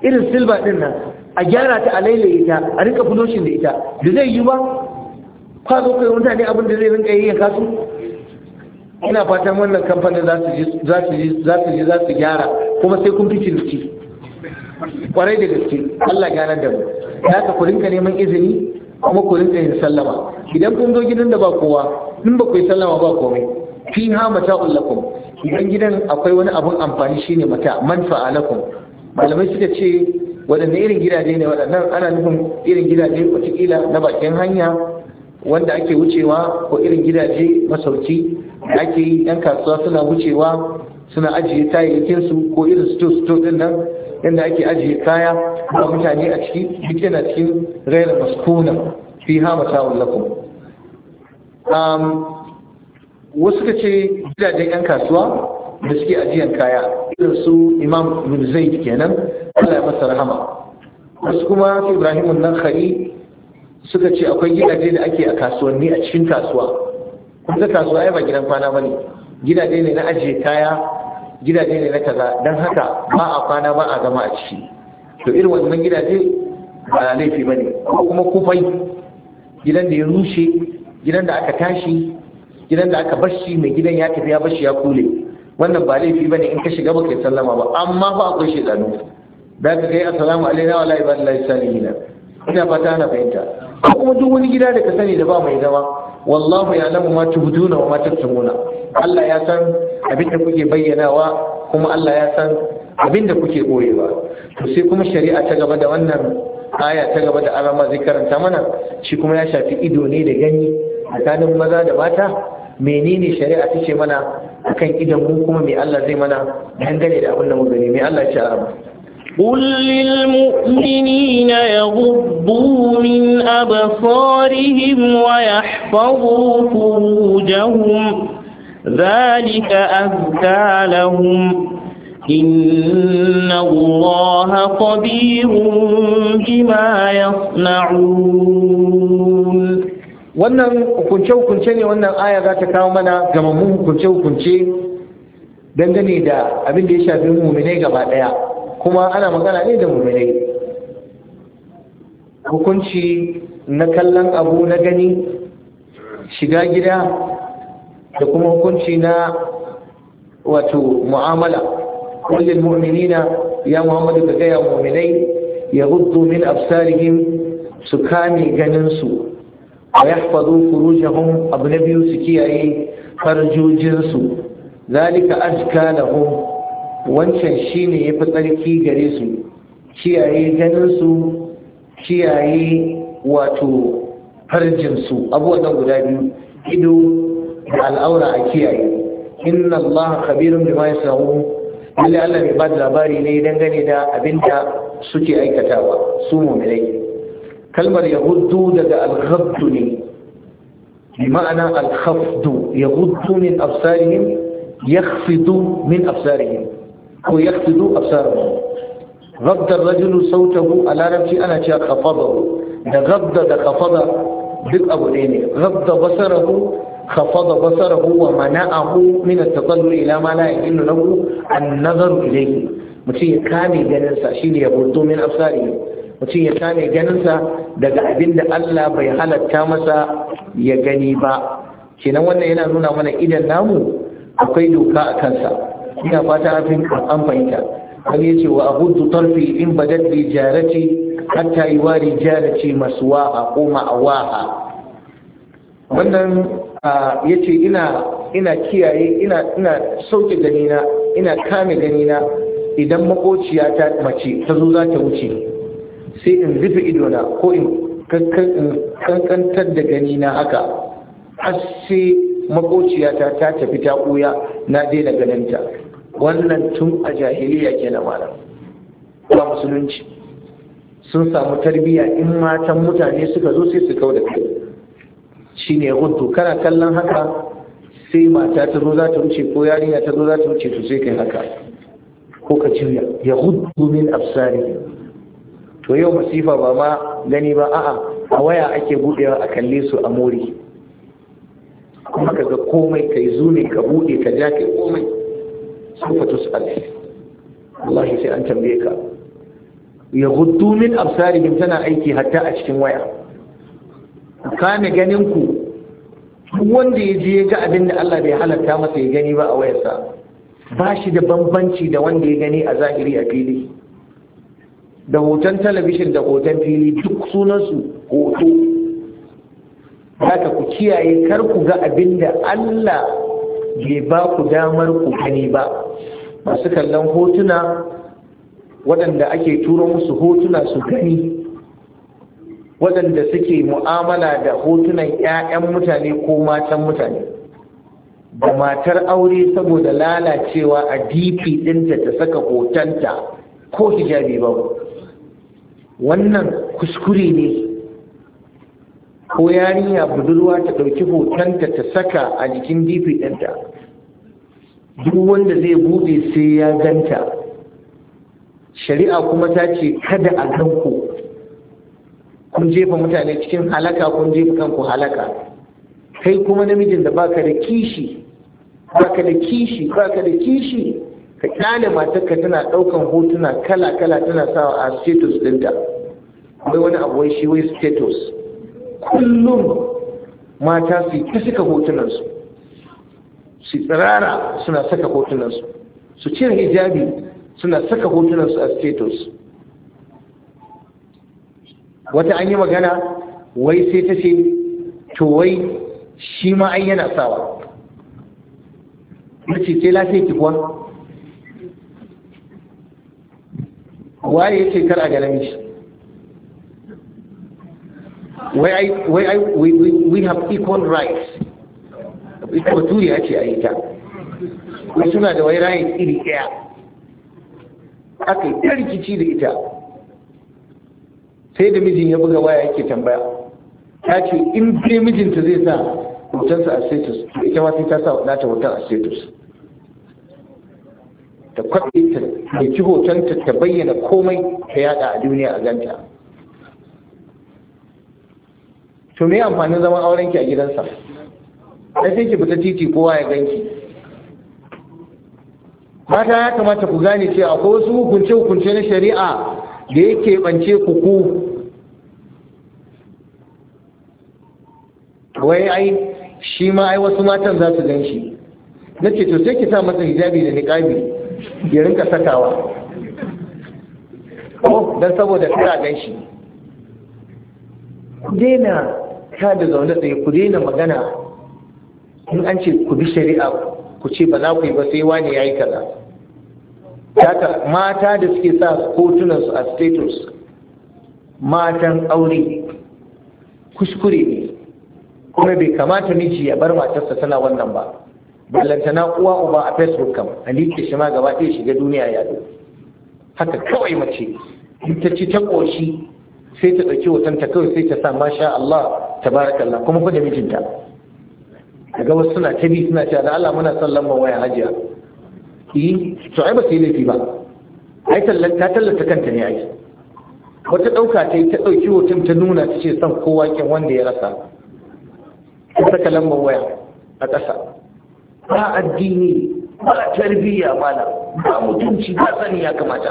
irin silba din nan a gyara ta a laile ita, a rika fuloshin da ita da zai yi ba ka zo kai mutane abin da zai rinka ya su ina fatan wannan kamfanin za su ji za su gyara kuma sai kun fi ciniki kwarai da gaske Allah gyaran da mu ya ka ku rinka neman izini kuma ku rinka yin sallama idan kun zo gidan da ba kowa in ba ku sallama ba komai fi ha mata ullakum idan gidan akwai wani abun amfani shine mata manfa'a lakum malamai suka ce waɗanne irin gidaje ne waɗannan ana nufin irin gidaje watakila na bakin hanya wanda ake wucewa ko irin gidaje masauki ake yi yan kasuwa suna wucewa suna ajiye kayayyakinsu ko irin sto sto ɗin nan inda ake ajiye kaya ba mutane a ciki duk yana cikin raira maskuna fi ha mata'un lakum wasu ka ce gidajen yan kasuwa da suke ajiyan kaya su imam ibn zaid kenan Allah ya masa rahama wasu kuma ibrahim nan khari suka ce akwai gidaje da ake a kasuwanni a cikin kasuwa kuma kasuwa ai ba gidan kwana bane gidaje ne na ajiye kaya gidaje ne na kaza dan haka ba a kwana ba a zama a ciki to irin wannan gidaje ba laifi bane ko kuma kufai gidan da ya rushe gidan da aka tashi gidan da aka bashi mai gidan ya tafi ya bashi ya kule wannan ba laifi bane in ka shiga baka sallama ba amma ba akwai shedanu da ka asalamu assalamu alaikum wa rahmatullahi salihin ina fata na fahimta kuma duk wani gida da ka sani da ba mai zama wallahu ya lamu ma tubduna wa ma tattumuna Allah ya san abin da kuke bayyanawa kuma Allah ya san abin da kuke boyewa to sai kuma shari'a ta gaba da wannan aya ta gaba da alama zai karanta mana shi kuma ya shafi ido ne da gani tsakanin maza da mata menene shari'a tace mana akan idan mu kuma me Allah zai mana dangane da abin da mu gani me Allah ya ce قل للمؤمنين يغضوا من أبصارهم ويحفظوا فروجهم ذلك أزكى لهم إن الله قدير بما يصنعون wannan hukunce-hukunce ne wannan aya za ta kawo mana gamammun hukunce-hukunce dangane da abin da ya shafi muminai gaba ɗaya kuma ana magana ne da muminai hukunci na kallon abu na gani shiga gida da kuma hukunci na wato mu'amala kullum mu'minina ya muhammadu ka gaya muminai ya hudu min absarihim su kame ganinsu wa yahfazu furujahum abu na biyu su kiyaye farjojinsu zalika da lahum wancan shine yafi tsarki gare su kiyaye ganin su kiyaye wato farjinsu abubuwan guda biyu ido da al'aura a kiyaye inna allaha khabirun bima yasnaun lalle Allah mai ba labari ne dangane da abinda suke aikatawa su mu'minai كلمه يغض دد الغضني بمعنى الخفض يغض من ابصارهم يخفض من ابصارهم أو يخفض ابصارهم غض الرجل صوته على نفسي انا شا خفضه ده غض ده خفض بك ابو ديني غض بصره خفض بصره ومنعه من التطلع الى ما لا يحل له النظر اليه متي كان يجلس شيء يغض من ابصارهم mutum ya kame ganinsa daga abin da Allah bai halatta masa ya gani ba kenan wannan yana nuna mana idan namu akwai doka a kansa ina fata afin an fahimta wani yace wa abudu tarfi in badat li jarati hatta yuwari jarati maswaha ko ma'awaha wannan yace ina ina kiyaye ina ina sauke ganina ina kame ganina idan makociya ta mace ta zo za ta wuce sai in rufe idona ko in kankantar da gani na haka har sai makociyata ta tafi ta ɓuya na daina ganinta wannan tun a jahiliya ke na malam ba musulunci sun samu tarbiyya in matan mutane suka zo sai su kawo da kai shi ne hudu kana kallon haka sai mata ta zo za ta wuce ko yarinya ta zo za ta wuce to sai kai haka ko ka juya ya hudu min absari to yau masifa ba ma gani ba a'a a waya ake budewa a kalle su a mori kuma ka ga komai kai zumi ka bude ka ja kai komai sun fatu su Allah sai an tambaye ka ya gudu min absarihim tana aiki hatta a cikin waya kame ganin ku wanda ya je ya ga abin da Allah bai halatta masa ya gani ba a wayarsa ba shi da bambanci da wanda ya gani a zahiri a fili da hoton talabishin da hoton fili duk sunansu hoto haka ku kiyaye kar ku ga abin da Allah bai ba ku damar ku gani ba masu kallon hotuna waɗanda ake turo musu hotuna su gani waɗanda suke mu'amala da hotunan 'ya'yan mutane ko matan mutane ba matar aure saboda lalacewa a dp ɗinta ta saka hotonta ko hijabi ba wannan kuskure ne ko yarinya budurwa ta ɗauki hotonta ta saka a jikin dp ɗinta duk wanda zai buɗe sai ya ganta shari'a kuma ta ce kada a ganku kun jefa mutane cikin halaka kun jefa kanku halaka kai kuma namijin da baka da kishi baka da kishi baka da kishi ka kyale matarka tana ɗaukan hotuna kala kala tana sawa a status ɗinta akwai wani abuwan shi wai status kullum mata su ta saka hotunansu su tsirara suna saka hotunansu su cire hijabi suna saka hotunansu a status wata an yi magana wai sai ta ce to wai shi ma an yana sawa mace ce lafiya ki kuwa waye ya ce kar a ganin shi. wai ai wai ai we have equal rights equal to ya ce a yi ta wai suna da wai rayin iri ɗaya aka yi ɗan rikici da ita sai da mijin ya buga waya yake tambaya ta ce in dai mijinta zai sa hotonsa a status ita ma sai ta sa ta hoton a status ta kwaɗe ta ɗauki hotonta ta bayyana komai ta yada a duniya a ganta to me amfanin zaman auren ki a gidansa ai sai ki fita titi kowa ya ganki mata ya kamata ku gane cewa akwai wasu hukunce hukunce na shari'a da yake bance ku ku wai ai shi ma ai wasu matan za su ganshi? na ce to sai ki sa masa hijabi da niqabi ya rinka sakawa oh dan saboda kira ganshi ku daina ta da zaune tsaye ku daina magana in an ce ku bi shari'a ku ce ba za ku yi ba sai wani ya yi kaza haka mata da suke sa kotunan su a status matan aure kuskure ne kuma bai kamata miji ya bar matarsa tana wannan ba na uwa uba a facebook kam a liƙe shi ma gaba ɗaya shiga duniya ya haka kawai mace ta ci ta ƙoshi sai ta ɗauki ta kawai sai ta sa masha Allah tabarakallah kuma fa mijinta daga wasu suna ta bi suna cewa da Allah muna son lamba waya hajiya yi eh, to ai ba sai laifi ba ai ta tallata kanta ne ai wata ɗauka ta yi ta ɗauki hoton ta nuna ta ce son kowa kin wanda ya rasa ta saka lambar waya a ƙasa ba addini ba tarbiyya mana ba mutunci ba sani ya kamata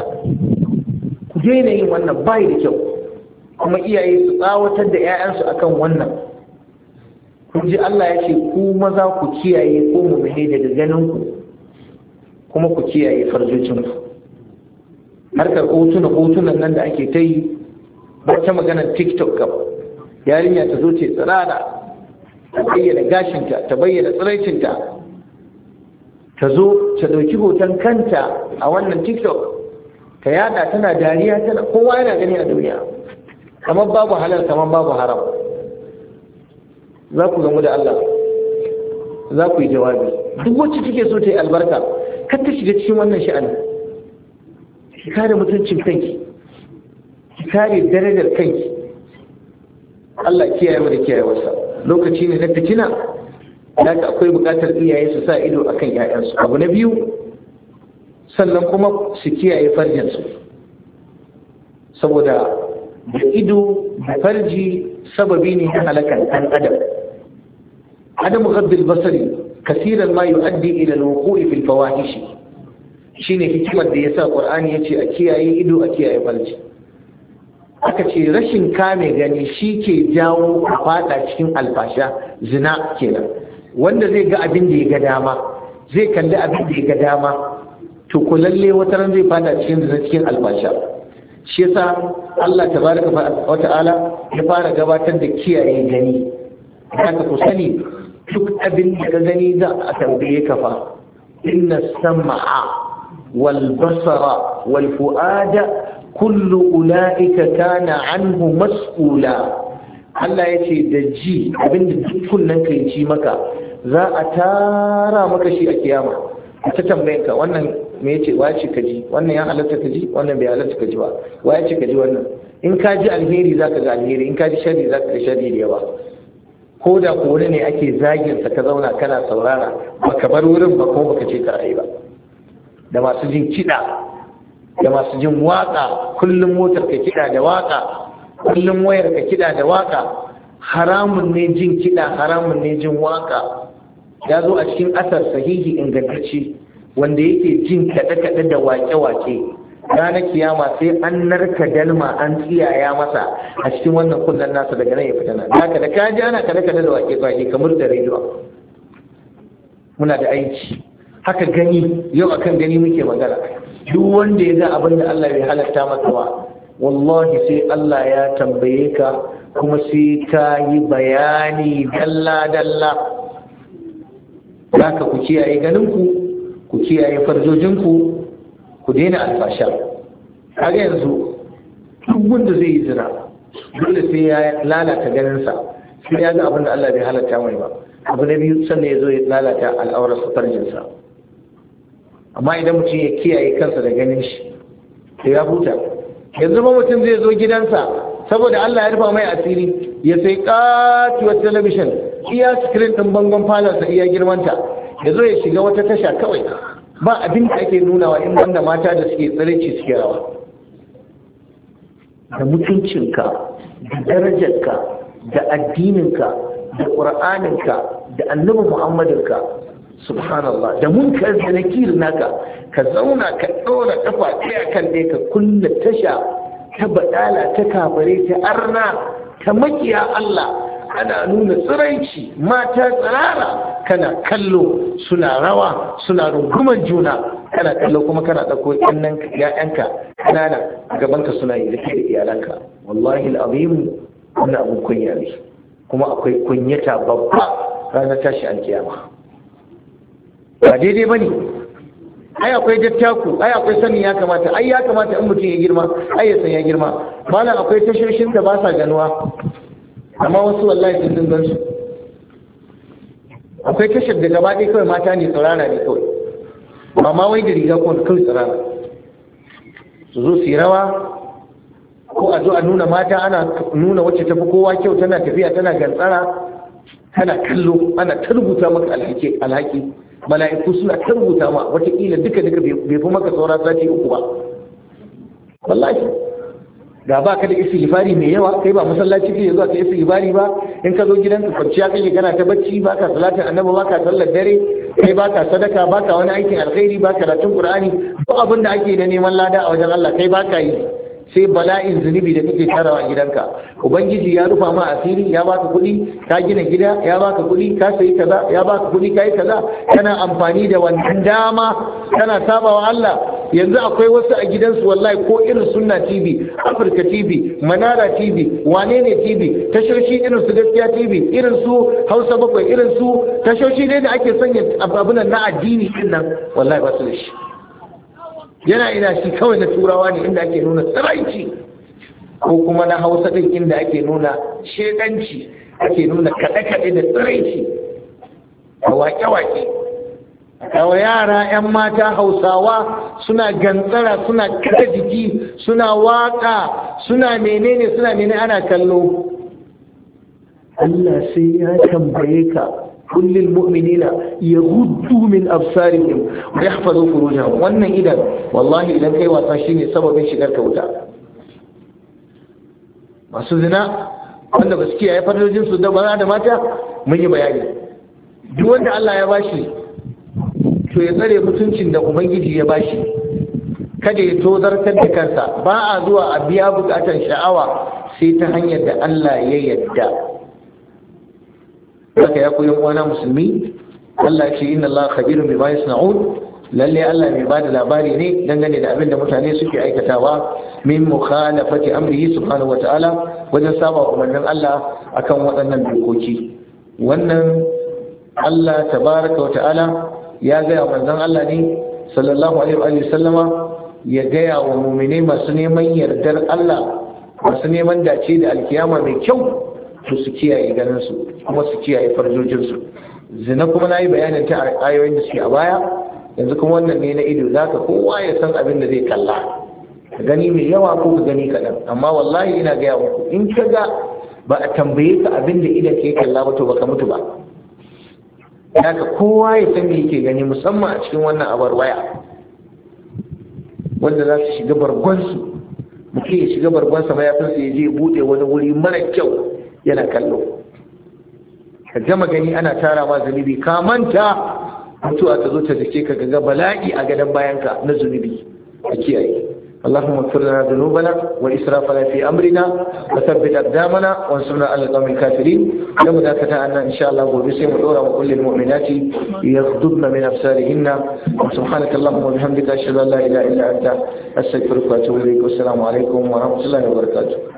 ku daina yin wannan bai da kyau kuma iyaye su tsawatar da 'ya'yansu akan wannan kun ji Allah ya ce ku maza ku kiyaye ko mummune daga ganin ku kuma ku kiyaye farjojin ku harkar hotuna hotunan nan da ake ta yi wata maganar tiktok gaba yarinya ta zo ce tsirara ta bayyana gashinta ta bayyana tsiraicinta ta zo ta ɗauki hoton kanta a wannan tiktok ta yada tana dariya tana kowa yana gani a duniya kamar babu halal kamar babu haram za ku gamu da Allah za ku yi jawabi duk wacce kike so ta yi albarka kar ta shiga cikin wannan sha'ani ki kare mutuncin kanki ki kare darajar kanki Allah kiyaye mu da wasa lokaci ne na fitina ka akwai bukatar iyaye su sa ido akan ƴaƴansu abu na biyu sannan kuma su kiyaye farjinsu saboda da ido da farji sababi ne na halakar ɗan adam adamu gabbil basari kasiran ma yu'addi ila al-wuqu'i fil fawahishi shine hikimar da yasa qur'ani yace a kiyaye ido a kiyaye farji aka ce rashin kame gani shi ke jawo a fada cikin alfasha zina kenan wanda zai ga abin da ya ga dama zai kalli abin da ya ga dama to ko lalle wata ran zai fada cikin zina cikin alfasha shi yasa Allah tabaraka wa ta'ala ya fara gabatar da kiyaye gani haka ku sani duk abin da ka gani za a tambaye ka fa inna sam'a wal basara wal fu'ada kullu ulaika kana anhu mas'ula Allah ya ce da ji abin da dukkan nan kai ci maka za a tara maka shi a kiyama ta tambaye wannan me yace wa ce kaji wannan ya halatta kaji wannan bai halatta kaji ba wa ya ce kaji wannan in ka ji alheri zaka ga alheri in ka ji sharri zaka ga sharri da yawa ko da ko ne ake zagin sa ka zauna kana saurara baka bar wurin ba ko baka ce ka ai ba da masu jin kiɗa da masu jin waka kullum motar ka kiɗa da waka kullum wayar ka kiɗa da waka haramun ne jin kiɗa haramun ne jin waka ya zo a cikin asar sahihi ingantacce wanda yake jin kaɗe-kaɗe da wake-wake ranar kiyama sai an narka dalma an tsiyaya masa a cikin wannan kullum nasa daga nan ya fita nan da da ka ji ana kaɗe-kaɗe da wake-wake kamar da rediyo muna da aiki haka gani yau akan gani muke magana duk wanda ya ga abin da Allah bai halatta masa ba wallahi sai Allah ya tambaye ka kuma sai ka yi bayani dalla-dalla za ka ku kiyaye ganin ku ku kiyaye farjojinku ku daina alfasha har yanzu duk wanda zai yi jira dole sai ya lalata ganinsa sai ya ga abin da Allah bai halatta mai ba abu na biyu sannan ya zo ya lalata al'aurarsa farjinsa amma idan mutum ya kiyaye kansa da ganin shi sai ya huta yanzu ba mutum zai zo gidansa saboda Allah ya rufa mai asiri ya sai katuwar television iya sikirin ɗin bangon falonsa iya girmanta ya zo ya shiga wata tasha kawai ba abin da ake nunawa in wanda mata da suke tsirci suke rawa da mutuncinka da darajarka da addininka da ƙura'aninka da annabi muhammadinka subhanallah da munkar da nakir naka ka zauna ka ɗora ƙafa ɗaya kan ɗaya ka kulle tasha ta baɗala ta kafare ta arna ta makiya Allah ana nuna tsiraici mata tsirara kana kallo suna rawa suna runguman juna kana kallo kuma kana ɗauko ƴaƴanka kanana gabanka suna yi da iyalanka wallahi al'azim kuna abin kunya ne kuma akwai kunyata babba ranar tashi alkiyama ba daidai ba ne ai akwai dattaku ai akwai sanin ya kamata ai ya kamata in mutum ya girma ai ya san ya girma malam akwai tashoshin da ba sa ganuwa amma wasu wallahi sun sun zan su akwai tashar da gaba ɗaya kawai mata ne tsirana ne kawai amma wai da riga kuma kawai tsirana su zo su yi rawa ko a zo a nuna mata ana nuna wacce tafi kowa kyau tana tafiya tana gantsara tana kallo ana ta rubuta maka alhaki alhaki mala'iku suna ta rubuta ma wataƙila duka duka bai fi maka saura sati uku ba wallahi da ba ka da istighfari mai yawa kai ba masallaci kai zuwa ka istighfari ba in ka zo gidan ka kwanciya kake kana ta bacci ba ka salatin annabi ba ka sallar dare kai ba ka sadaka ba ka wani aikin alkhairi ba ka ratun qur'ani duk abin da ake da neman lada a wajen Allah kai ba ka yi sai bala'in zunubi da kake tarawa a gidanka ubangiji ya rufa ma asiri ya baka kuɗi ka gina gida ya baka kuɗi ka sayi kaza ya baka kuɗi ka yi kaza kana amfani da wannan dama kana sabawa Allah yanzu akwai wasu a gidansu wallahi ko irin sunna tv afirka tv manara tv wane ne tv tashoshi irin su gaskiya tv irin su hausa bakwai irin su tashoshi ne da ake sanya abubuwan na addini din nan wallahi ba su da shi yana ina shi kawai na turawa ne inda ake nuna tsiraici ko kuma na hausa din inda ake nuna shekanci ake nuna kaɗe-kaɗe da tsiraici a wake-wake kawo yara 'yan mata hausawa suna gantsara suna kada jiki suna waka suna menene suna menene ana kallo Allah sai ya tambaye ka kullil mu'minina gudu min ya wa yahfazu furujahum wannan idan wallahi idan kai wasa shine sababin shigar ka wuta masu zina wanda ba su kiyaye fadojin su da za da mata mun yi bayani duk wanda Allah ya bashi to ya tsare mutuncin da ubangiji ya bashi kada ya tozartar da kansa ba a zuwa a biya bukatar sha'awa sai ta hanyar da Allah ya yadda haka ya koyi uwana musulmi Allah ce inna Allah khabirun bima yasna'un lalle Allah mai bada labari ne dangane da abin da mutane suke aikatawa min mukhalafati amrihi subhanahu ta'ala. wajen saba umarnin Allah akan waɗannan dokoki wannan Allah tabaraka ta'ala. ya gaya manzon Allah ne sallallahu alaihi wa sallama ya gaya wa mumini masu neman yardar Allah masu neman dace da alkiyama mai kyau to su kiyaye ganin su kuma su kiyaye farjojin su zina kuma na yi bayanin ta ayoyin da suke a baya yanzu kuma wannan ne na ido zaka kowa ya san abin da zai kalla ka gani mai yawa ko ka gani kaɗan amma wallahi ina gaya muku in ka ga ba a tambaye ka abin da idan ka kalla ba to baka mutu ba daga kowa ya san me yake gani musamman a cikin wannan abar waya wanda za su shiga bargonsu muke ya shiga bargonsa ma ya je bude wani wuri mara kyau yana kallo ka gama gani ana tara ma zunubi ka manta mutuwa ta zo ta dake ka ga bala'i a gadon bayanka na zunubi a kiyaye اللهم اغفر لنا ذنوبنا وإسرافنا في أمرنا وثبت أقدامنا وانصرنا على القوم الكافرين لم ذاكتا أن إن شاء الله وبسم الأولى وكل المؤمنات يغضبن من أبصارهن سبحانك اللهم وبحمدك أشهد أن لا إله إلا أنت أستغفرك وأتوب إليك والسلام عليكم ورحمة الله وبركاته